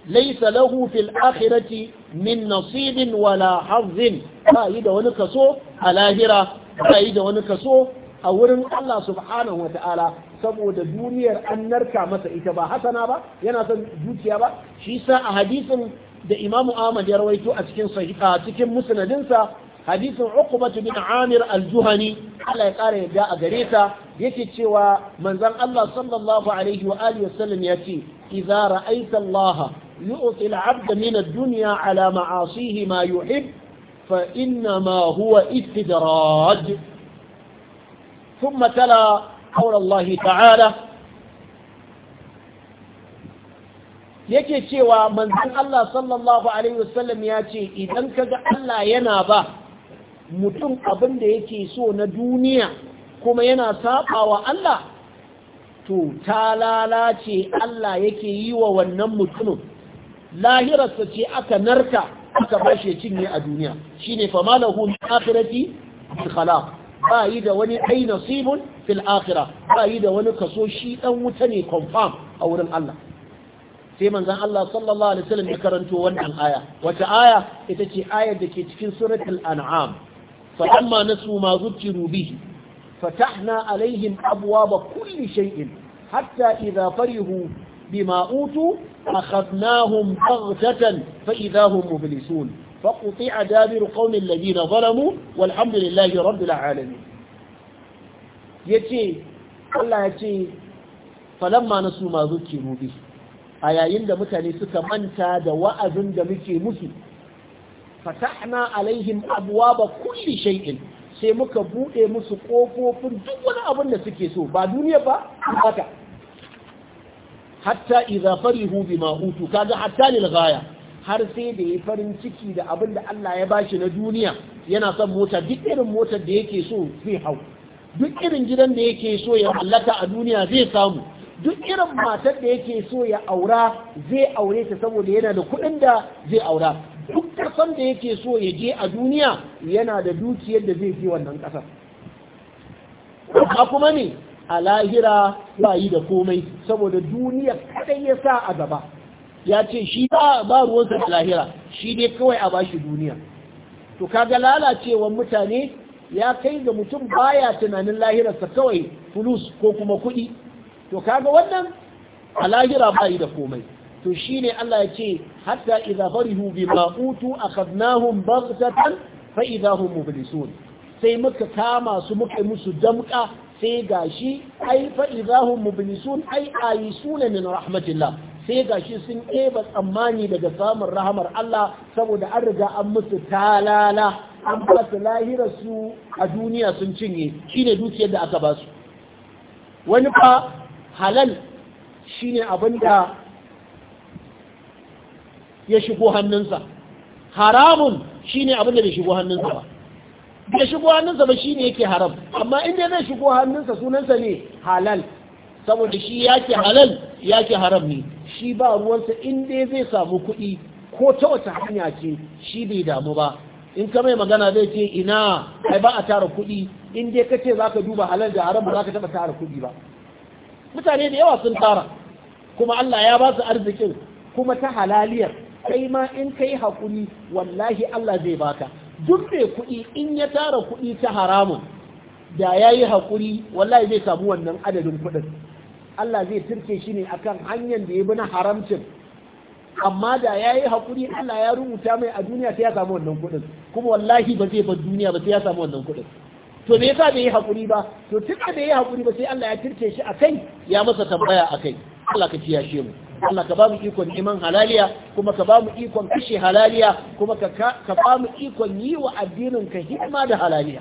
laisa lahu fil akhirati min nasibin wala hazzin ba yi da wani kaso a lahira ba yi da wani kaso a wurin Allah subhanahu wata'ala saboda duniyar an narka masa ita ba hasana ba yana son dukiya ba shi sa a hadisin da imamu ahmad ya rawaito a cikin sahiha cikin musnadinsa hadisin uqbatu bin amir al-juhani Allah ya kare yadda a gare ta yake cewa manzon Allah sallallahu alaihi wa alihi wasallam ya ce idza ra'aita Allah yu'ti al-'abda min ad-dunya ala ma'asihi ma yuhib fa inna ma huwa istidraj ثم تلا قول الله تعالى yake cewa manzon Allah sallallahu alaihi wasallam ya ce idan kaga Allah yana ba mutum abin da yake so na duniya kuma yana sabawa Allah to ta lalace Allah yake yi wa wannan mutumin lahirarsa ce aka narka aka bashe cinye a duniya shine famalahu min akhirati bi ba yi da wani ai nasibun fil akhirah ba yi da wani kaso shi dan wuta ne confirm a wurin Allah sai manzon Allah sallallahu alaihi wasallam ya karanto wannan aya wata aya ita ce ayar da ke cikin suratul an'am fa amma nasu ma zukiru bihi fatahna alaihim abwaaba kulli shay'in hatta idha farihu bima utu akhadnahum baghtatan fa idha hum mublisun فقطع دابر قوم الذين ظلموا والحمد لله رب العالمين Yace, Allah ya ce falamma na su ma zuke rubi a yayin da mutane suka manta da wa'azin da muke musu fatahna alaihim ba kulli shay'in sai muka bude musu kofofin duk wani abin da suke so ba duniya ba haka hatta idza farihu bima utu kaga hatta lil ghaya har sai da yi farin ciki da abin da Allah ya bashi na duniya yana son mota duk irin motar da yake so zai hau duk irin gidan da yake so ya mallaka a duniya zai samu duk irin matar da yake so ya aura zai aure ta saboda yana da kuɗin da zai aura duk ƙasar da yake so ya je a duniya yana da dukiyar da zai je wannan ƙasar kuma ne a lahira ba yi da komai saboda duniya kadai ya sa a gaba ya ce shi ba ruwansa da lahira shi dai kawai a bashi duniya to kaga lalacewar mutane ya kai ga mutum baya tunanin lahirarsa kawai fulus ko kuma kuɗi to kaga wannan a lahira bayi da komai to shine Allah ya ce hatta idza farihu bima utu akhadnahum baghtatan fa idza hum mublisun sai muka kama su muka musu damka sai gashi ai fa idza hum mublisun ai ayisuna min rahmatillah sai gashi sun ɗeba tsammani daga samun rahamar Allah saboda an riga an musu talala an ba su su a duniya sun cinye shine dukiyar da aka ba su wani fa halal shine abin da ya shigo hannunsa haramun shine abin da bai shigo hannunsa ba ya shigo hannunsa ba shine yake haram amma inda zai shigo hannunsa sunansa ne halal saboda shi yake halal yake haram ne shi ba ruwansa inda zai samu kuɗi ko ta wata hanya ce shi bai damu ba in ka mai magana zai ce ina ai ba a tara kuɗi in dai ka ce za ka duba halar da haram ba za ka taɓa tara kuɗi ba mutane da yawa sun tara kuma Allah ya ba su arzikin kuma ta halaliyar kai ma in yi haƙuri wallahi Allah zai baka duk mai kuɗi in ya tara kuɗi ta haramun da ya yi haƙuri wallahi zai samu wannan adadin kuɗin Allah zai turke shi ne akan hanyar da ya bi na haramcin amma da ya yi haƙuri Allah ya rubuta mai a duniya sai ya samu wannan kuɗin kuma wallahi ba zai bar duniya ba sai ya samu wannan kuɗin to me yasa bai yi haƙuri ba to tun da bai yi haƙuri ba sai Allah ya tirce shi a kai ya masa tambaya a kai Allah ka kiyashe mu Allah ka ba mu ikon neman halaliya kuma ka ba mu ikon kashe halaliya kuma ka ba mu ikon yi wa addinin ka hikima da halaliya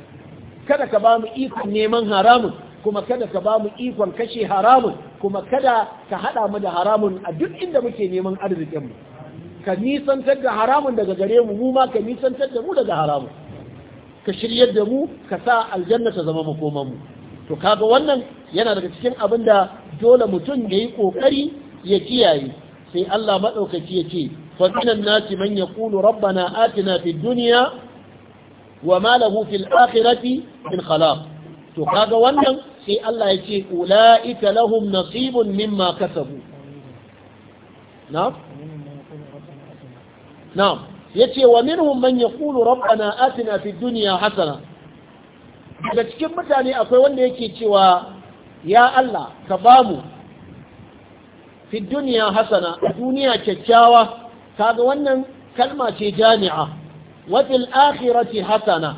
kada ka ba mu ikon neman haramun kuma kada ka ba mu ikon kashe haramun kuma kada ka haɗa mu da haramun a duk inda muke neman arzikinmu ka nisantar da haramun daga gare mu mu ma ka nisantar da mu daga haramun ka shiryar da mu ka sa aljanna ta zama mu. to kaga wannan yana daga cikin abin da dole mutum ya yi ƙoƙari ya kiyaye sai Allah maɗaukaki ya ce fasinan nasi man yaqulu rabbana atina fid dunya wa ma lahu fil akhirati min khalaq to kaga wannan sai Allah ya ce ula'ika lahum nasibun mimma kasabu na'am na'am yace wa minhum man yaqulu rabbana atina fid dunya hasana daga cikin mutane akwai wanda yake cewa ya Allah ka bamu fi duniya hasana duniya kyakkyawa kaga wannan kalma ce jami'a wa fil akhirati hasana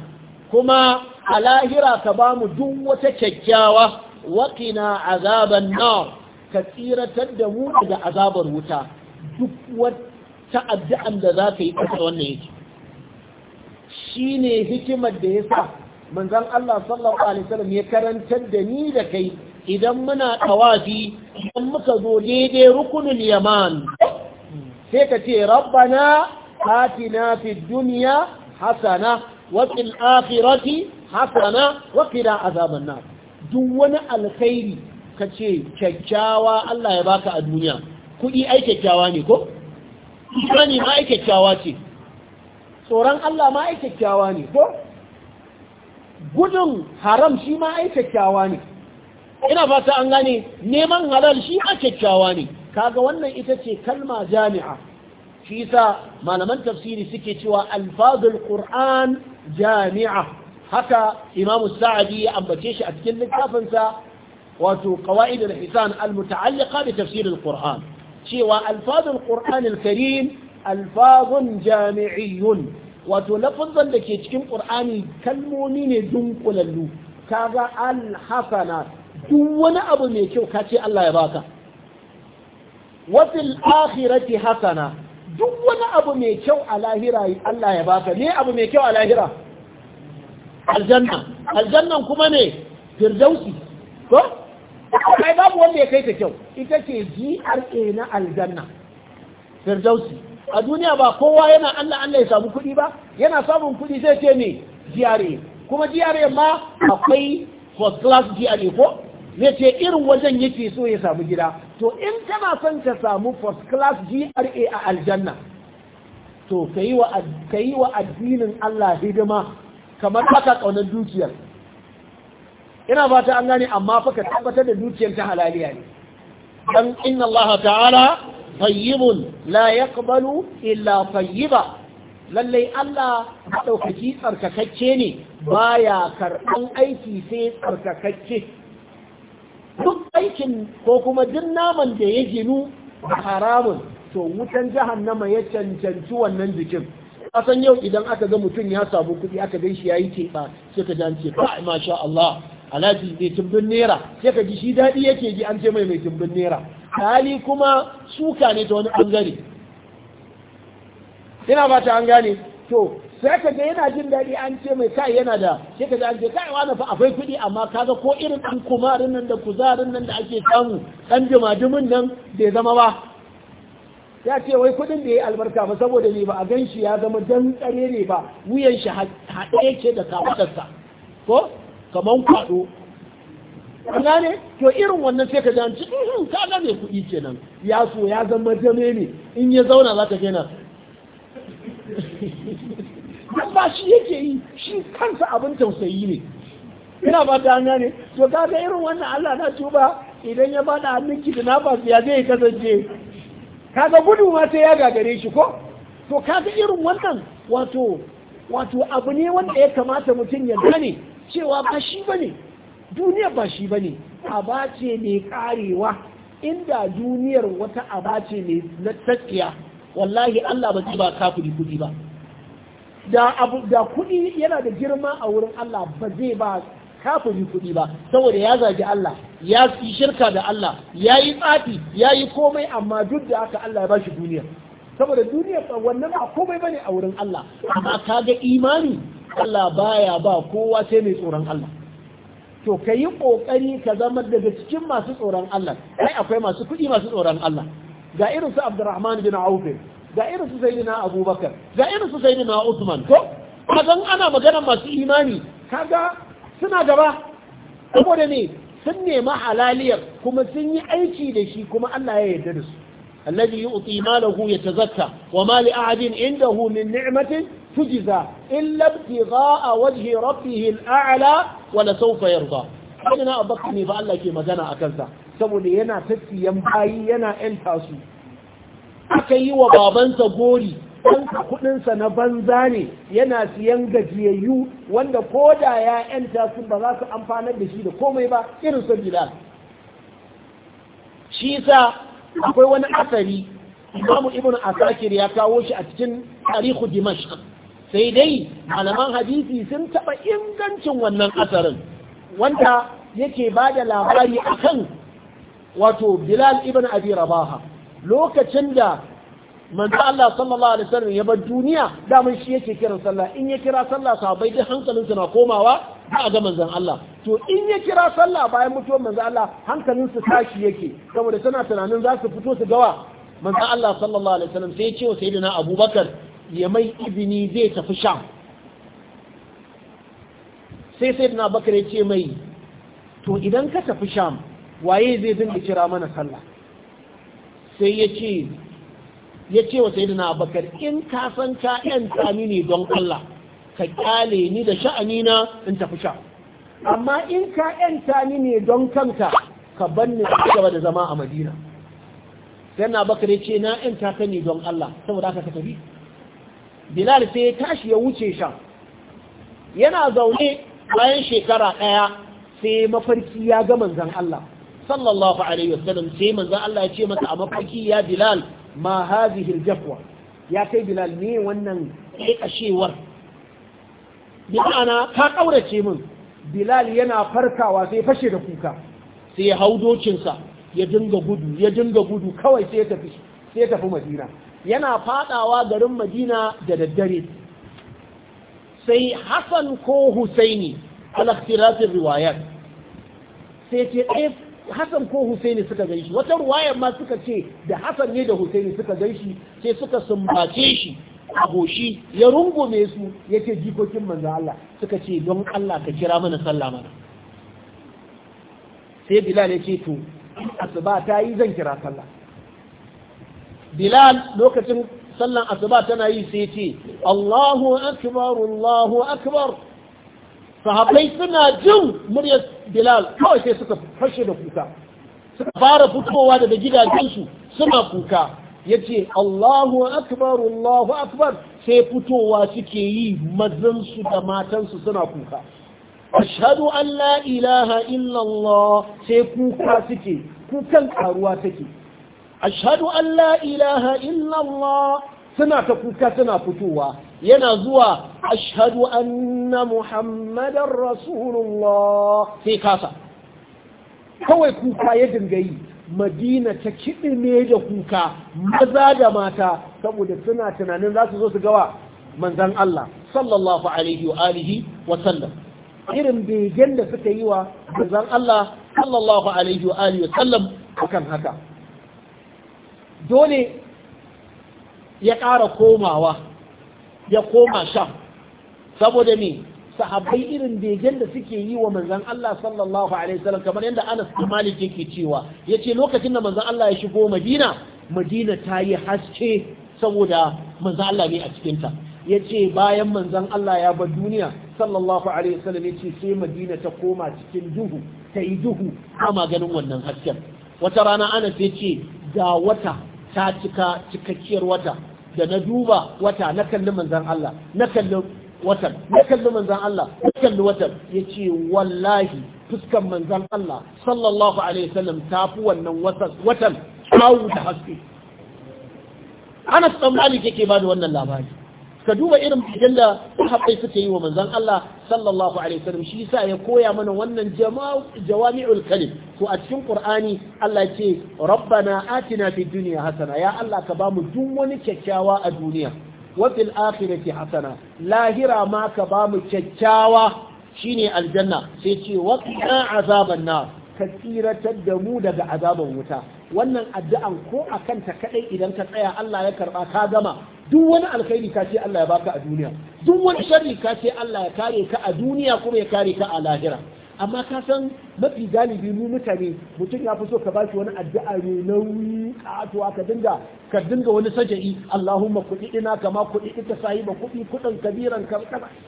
kuma a lahira ka ba mu duk wata kyakkyawa waƙina azaban nar ka tsiratar da mu daga azabar wuta duk wata addu'an da za ka yi ƙasa wannan yake shi ne hikimar da ya sa manzan Allah sallallahu Alaihi wasallam ya karantar da ni da kai idan muna tawafi idan muka zo daidai rukunin yaman sai ka ce rabbana na fi duniya hasana wa fil hasana wa azabanna. azaban nar duk wani alkhairi kace kyakkyawa Allah ya baka a duniya kudi ai kyakkyawa ne ko imani ma ai kyakkyawa ce tsoron Allah ma ai kyakkyawa ne ko gudun haram shi ma ai kyakkyawa ne ina fata an gane neman halal shi a kyakkyawa ne kaga wannan ita ce kalma jami'a shi sa malaman tafsiri suke cewa alfazul qur'an jami'a haka imamu sa'adi ya ambace shi a cikin littafinsa wato qawaid al-hisan al-muta'alliqa bi tafsir al-qur'an cewa alfaz al-qur'an al-karim alfazun jami'iyyun wato lafazan da ke cikin qur'ani kalmomi ne dunkulallu kaga al-hasanat duk wani abu mai kyau ka ce Allah ya baka wa fil akhirati hasana duk wani abu mai kyau a lahira Allah ya baka ne abu mai kyau a lahira aljanna aljannan kuma ne firdausi ko kai babu wanda ya kai ta kyau ita ce GRA na aljanna firdausi a duniya ba kowa yana Allah Allah ya samu kuɗi ba yana samun kuɗi sai ce ne GRA kuma GRA ma akwai first class GRA ko ne ce irin wajen yake so ya samu gida to in kana son ka samu first class GRA a aljanna to ka yi wa addinin Allah hidima kamar baka kaunar dukiyar ina fata an gane amma fa ka tabbatar da dukiyar ta halaliya ne dan inna Allah ta'ala tayyibun la yaqbalu illa tayyiba lallai Allah madaukaki tsarkakacce ne baya karban aiki sai tsarkakacce duk aikin ko kuma duk naman da ya ginu haramun to wutan jahannama ya cancanci wannan jikin kasan yau idan aka ga mutum ya samu kuɗi aka gan shi yi teɓa sai ka an ce ba masha Allah alaji mai tumbin naira sai ka ji shi daɗi yake ji an ce mai mai tumbin naira hali kuma suka ne ta wani ɓangare ina ba ta an gane to sai ka ga yana jin daɗi an ce mai kai yana da sai ka ga an ce kai wani fa akwai kuɗi amma kaga ko irin ɗan kumarin nan da kuzarin nan da ake samu ɗan jimajimin nan bai zama ba ya ce wai kudin da ya albarka ba saboda ne ba a gan shi ya zama don tsare ne ba wuyan shi haɗe yake da kawatarsa ko kaman kwaɗo kuna ne to irin wannan sai ka janci ka ga mai kuɗi kenan ya so ya zama jame ne in ya zauna za ka gina don ba shi yake yi shi kansa abin tausayi ne ina ba ta ne to kaga irin wannan Allah na tuba idan ya bada hannun ki da na ya zai kasance kaga gudu ma sai ya gagare shi ko to kaga irin wannan wato wato abu ne wanda ya kamata mutum ya gane cewa ba shi bane duniyar ba shi bane aba mai karewa inda duniyar wata abace ce mai tsakiya wallahi Allah ba zai ba kafiri kudi ba da abu da kudi yana da girma a wurin Allah ba zai ba kafiri kuɗi ba saboda ya zagi Allah ya yi shirka da Allah ya yi tsafi ya yi komai amma duk da aka Allah ya ba shi duniya saboda duniya wannan ba komai bane a wurin Allah amma ga imani Allah baya ba kowa sai mai tsoron Allah to ka yi ƙoƙari ka zama daga cikin masu tsoron Allah kai akwai masu kuɗi masu tsoron Allah ga irin su Abdurrahman bin Auf ga irin su Sayyidina Abubakar ga irin su Sayyidina Uthman ko kaga ana magana masu imani kaga suna gaba saboda ne sun nemi halaliyar kuma sun yi aiki da shi kuma Allah ya yarda da su alladhi yu'ti malahu yatazakka wa ma li ahadin indahu min ni'matin tujza illa ibtigha'a wajhi rabbih al'ala wa la sawfa yarda sayyidina abubakar ne ba Allah ke magana a kansa saboda yana tafiyan bayi yana yan tasu aka yi wa babansa gori ɗanka kuɗinsa na banza ne yana siyan gajiyayyu wanda ko da 'ya'yanta ‘yanta sun ba za su amfanar da shi da komai ba irin sa bilal shi sa akwai wani asari imamu ibn asakir ya kawo shi a cikin tarihu dimashq sai dai malaman hadisi sun taɓa ingancin wannan asarin wanda yake ba da labari akan wato bilal ibn abi rabaha lokacin da manzo Allah sallallahu alaihi wasallam ya bar duniya mun shi yake kiran sallah in ya kira sallah sahabbai duk hankalin su na komawa ba ga manzon Allah to in ya kira sallah bayan mutuwar manzo Allah hankalinsu su tashi yake saboda suna tunanin za su fito su gawa manzo Allah sallallahu alaihi wasallam sai ya ce wa sayyidina Abubakar ya mai Ibni zai tafi Sham sai sayyidina Abubakar ya ce mai to idan ka tafi Sham waye zai dinga kira mana sallah sai ya ce ya ce wa sayyidina abakar in ka san ka yan tsani ne don Allah ka kyale ni da sha'ani na in tafi sha amma in ka yan tsani ne don kanka ka banni gaba da zama a Madina sayyidina abakar ya ce na yan taka ne don Allah saboda haka ka tafi Bilal sai ya tashi ya wuce sha yana zaune bayan shekara ɗaya sai mafarki ya ga manzan Allah sallallahu alaihi wasallam sai manzan Allah ya ce masa a mafarki ya Bilal ma hadhihi ya kai bilal ne wannan kashewar bi ma'ana ka kaurace min bilal yana farkawa sai fashe da kuka sai ya hau dokinsa ya dinga gudu ya dinga gudu kawai sai ya tafi sai ya tafi madina yana fadawa garin madina da daddare sai hasan ko husaini ala ikhtilafin riwayat sai ce eh, Hassan ko Husaini suka gan wata ruwayar ma suka ce da Hassan ne da Husaini suka gan shi sai suka sumbace shi a goshi ya rungume su yace jikokin manzo Allah suka ce don Allah ka kira mana sallah mana sai Bilal ya ce to asuba ta yi zan kira sallah Bilal lokacin sallan asuba tana yi sai ce Allahu akbar Allahu akbar sahabbai suna jin muryar bilal kawai sai suka fashe da kuka suka fara fitowa daga gidajensu suna kuka ya ce allahu akbar allahu akbar sai fitowa suke yi mazansu da matansu suna kuka ashadu an la ilaha illallah sai kuka suke kukan karuwa take ashadu an la ilaha illallah suna ta kuka suna fitowa yana zuwa ashadu anna muhammadar rasulullah sai kasa kawai kuka ya dingayi madina ta kiɗi ne da kuka maza da mata saboda suna tunanin za su zo su gawa manzan Allah sallallahu alaihi wa alihi wa sallam irin begen da suka yi wa manzan Allah sallallahu alaihi wa alihi wa sallam akan haka dole ya ƙara komawa ya koma sham saboda me sahabbai irin begen da suke yi wa manzon Allah sallallahu alaihi wasallam kamar yadda Anas bin Malik yake cewa yace lokacin da manzon Allah ya shigo Madina Madina ta yi haske saboda manzon Allah ne a cikin ta yace bayan manzon Allah ya bar duniya sallallahu alaihi wasallam yace sai Madina ta koma cikin duhu ta yi duhu a ganin wannan hasken wata rana Anas yace ga wata ta cika cikakkiyar wata da na duba wata na kalli manzan Allah na kalli watan na kalli manzan Allah na kalli watan ya ce wallahi fuskan manzan Allah sallallahu alaihi wasallam ta fi wannan watan kyawu da haske Ana tsammanin Malik yake ba da wannan labari ka duba irin bigen da sahabbai suka yi wa manzon Allah sallallahu alaihi wasallam shi ya koya mana wannan jawami'ul kalim Ko a cikin ƙur'ani Allah ce rabbana atina fi duniya hasana ya Allah ka bamu duk wani kyakkyawa a duniya wa fil akhirati hasana lahira ma ka bamu kyakkyawa shine aljanna sai ce wa qina azaban nar ka tsiratar da mu daga azaban wuta wannan addu'an ko a kanta kaɗai idan ka tsaya Allah ya karɓa ka gama duk wani alkhairi ka ce Allah ya baka a duniya duk wani sharri ka ce Allah ya kare ka a duniya kuma ya kare ka a lahira amma ka san mafi galibi mu mutane mutum ya fi so ka bashi wani addu'a ne nauyi katuwa ka dinga ka dinga wani saja'i Allahumma kuɗi ina kama kuɗi ita kuɗi kuɗin kabiran ka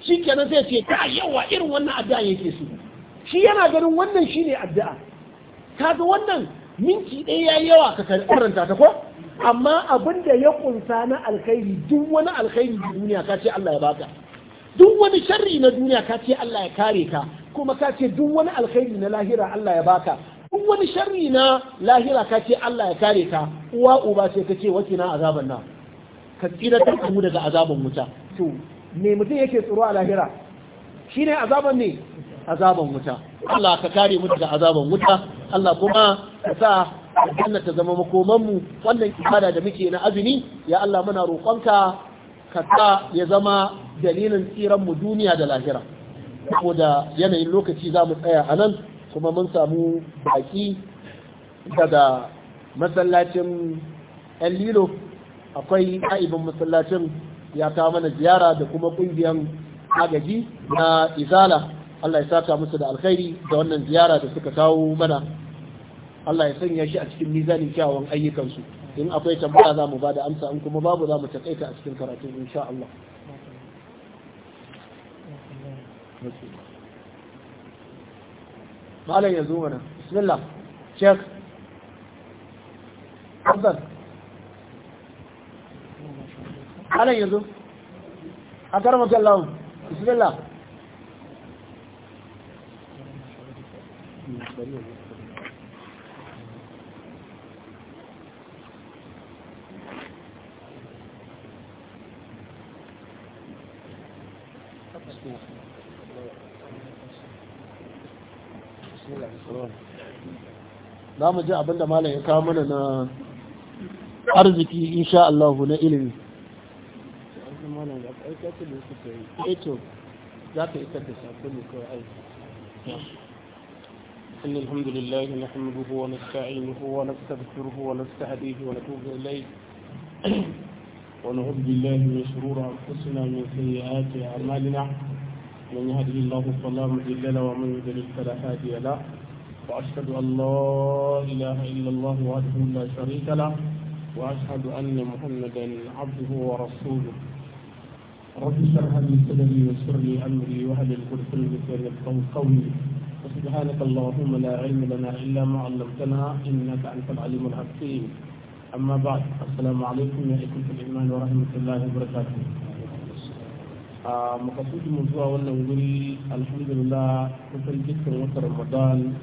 shikenan sai ce ta yawa irin wannan addu'a yake so shi yana ganin wannan shine addu'a ga wannan minti ɗaya ya yi yawa ka karanta ta ko amma abin da ya kunsa na alkhairi duk wani alkhairi na duniya ka ce Allah ya baka duk wani sharri na duniya ka ce Allah ya kare ka kuma ka ce duk wani alkhairi na lahira Allah ya baka duk wani sharri na lahira ka ce Allah ya kare ka uwa uba ce ka ce wace na azaban nan ka tsira ta mu daga azaban wuta to me mutum yake tsoro a lahira shine azaban ne azaban wuta Allah ka kare mu daga azaban wuta Allah kuma ka sa aljanna ta zama makomanmu wannan ibada da muke na azumi ya Allah muna roƙonka ka sa ya zama dalilin tsiran mu duniya da lahira saboda yanayin lokaci za mu tsaya a nan kuma mun samu baki daga masallacin yan lilo akwai ƙa'ibin masallacin ya mana ziyara da kuma ƙungiyar agaji na izala Allah ya saka musu da alkhairi da wannan ziyara da suka kawo mana Allah ya sanya shi a cikin mizanin kyawun ayyukansu in akwai tambaya za mu ba da amsa in kuma babu za mu takaita a cikin karatu insha Allah malam ya zo mana bismillah shek Hassan malam ya zo a karamata Allah bismillah za mu ji abinda malam ya kawo mana na arziki insha Allah na ilimi إن الحمد لله نحمده ونستعينه ونستغفره ونستهديه ونتوب إليه ونعوذ بالله من شرور أنفسنا ومن سيئات أعمالنا من يهده الله فلا مضل له ومن يضلل فلا هادي له وأشهد أن لا إله إلا الله وحده لا شريك له وأشهد أن محمدا عبده ورسوله رب اشرح لي صدري ويسر لي أمري واهل عقدة من لساني قولي وسبحانك اللهم لا علم لنا إلا ما علمتنا إنك أنت العليم الحكيم أما بعد السلام عليكم يا إخوة الإيمان ورحمة الله وبركاته a makasudin zuwa wannan guri alhamdulillah kusan dukkan wata ramadan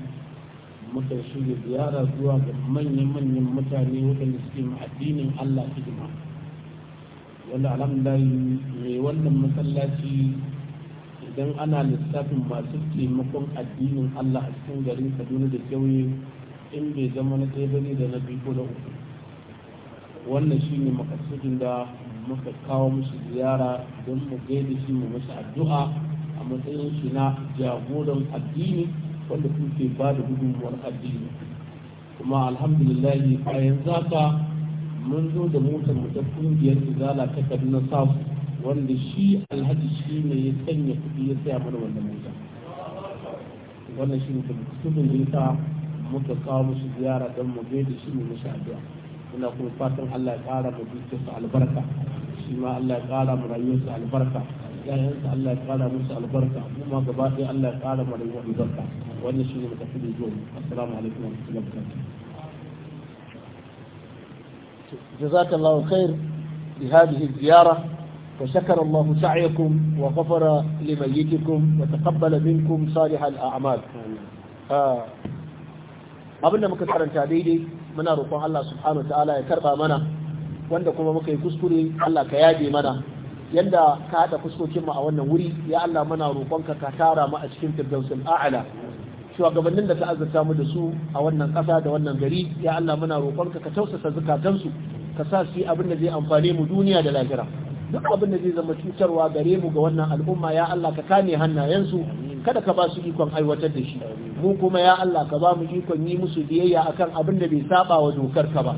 muka shirya ziyara zuwa ga manya manyan mutane waɗanda suke addinin allah hidima wanda alhamdulillah mai wannan masallaci idan ana lissafin masu taimakon addinin allah a cikin garin kaduna da kyauye in bai zama na ɗaya da na biyu ko na uku wannan shine makasudin da muka kawo musu ziyara don mu gaida shi mu masa addu'a a matsayin shi na jagoran addini wanda kuke ba da gudunmuwar addini kuma alhamdulillah bayan zaka mun zo da motar mu ta kungiyar izala ta kaduna south wanda shi alhaji shi ne ya sanya kuɗi ya saya mana wannan mota wannan shi ne da muka kawo musu ziyara don mu gaida shi mu masa addu'a ina kuma fatan Allah ya kara mu dukiyarsa albarka shi ma Allah ya kara mu rayuwarsa albarka ƴaƴansa Allah ya kara musu albarka mu ma gaba ɗaya Allah ya kara mu rayuwar albarka wannan shi ne mutafi da zuwa assalamu alaikum wa rahmatullahi wa barakatuh jazakallahu khair بهذه الزيارة وشكر الله سعيكم وغفر لميتكم وتقبل منكم صالح الأعمال آه. أبنا مكتحرا تعديدي muna roƙon Allah subhanahu ta'ala ya karba mana wanda kuma muka yi kuskure Allah ka yaje mana yanda ka haɗa fuskokin mu a wannan wuri ya Allah muna roƙon ka ka tara mu a cikin firdausul a'la gabanin da ta azurta mu da su a wannan ƙasa da wannan gari ya Allah muna roƙon ka ka tausasa zukatansu ka sa su abin da zai amfane mu duniya da lahira duk abin da zai zama cutarwa gare mu ga wannan al'umma ya Allah ka kame hannayensu kada ka ba su ikon aiwatar da shi mu kuma ya Allah ka ba mu ikon yi musu biyayya akan abin da bai saba wa dokar ka ba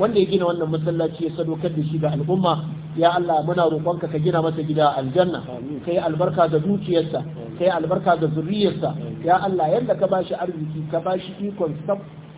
wanda ya gina wannan masallaci ya sadaukar da shi ga al'umma ya Allah muna roƙonka ka gina masa gida aljanna kai albarka ga dukiyarsa kai albarka ga zuriyarsa ya Allah yanda ka ba shi arziki ka ba shi ikon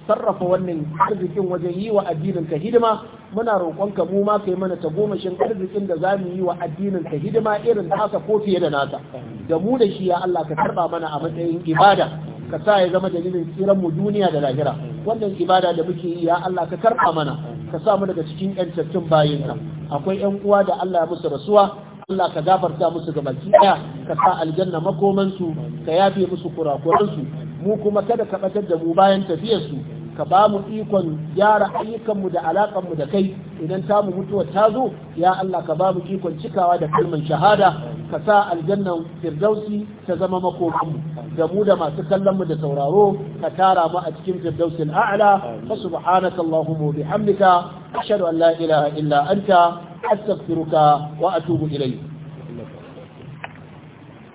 sarrafa wannan arzikin wajen yi wa addinin ka hidima muna roƙonka mu ma kai mana ta shin arzikin da zamu yi wa addinin ka hidima irin haka ko fiye da nasa. da mu da shi ya Allah ka karba mana a matsayin ibada ka sa ya zama dalilin tsiran mu duniya da lahira wannan ibada da muke yi ya Allah ka karba mana ka sa mu daga cikin ƴancattun bayinka akwai ƴan uwa da Allah ya musu rasuwa Allah ka gafarta musu ga daya ka sa aljanna makomansu ka yafe musu kurakuransu mu kuma kada ka batar da mu bayan tafiyarsu ka ba mu ikon gyara ayyukanmu da alaƙanmu da kai idan ta mu mutuwa ta zo ya Allah ka ba mu ikon cikawa da kalman shahada ka sa aljannan firdausi ta zama makomanmu da mu da masu kallon mu da sauraro ka tara mu a cikin firdausin a'la fa subhanaka allahumma wa bihamdika ashhadu an la ilaha illa anta أستغفرك وأتوب إليك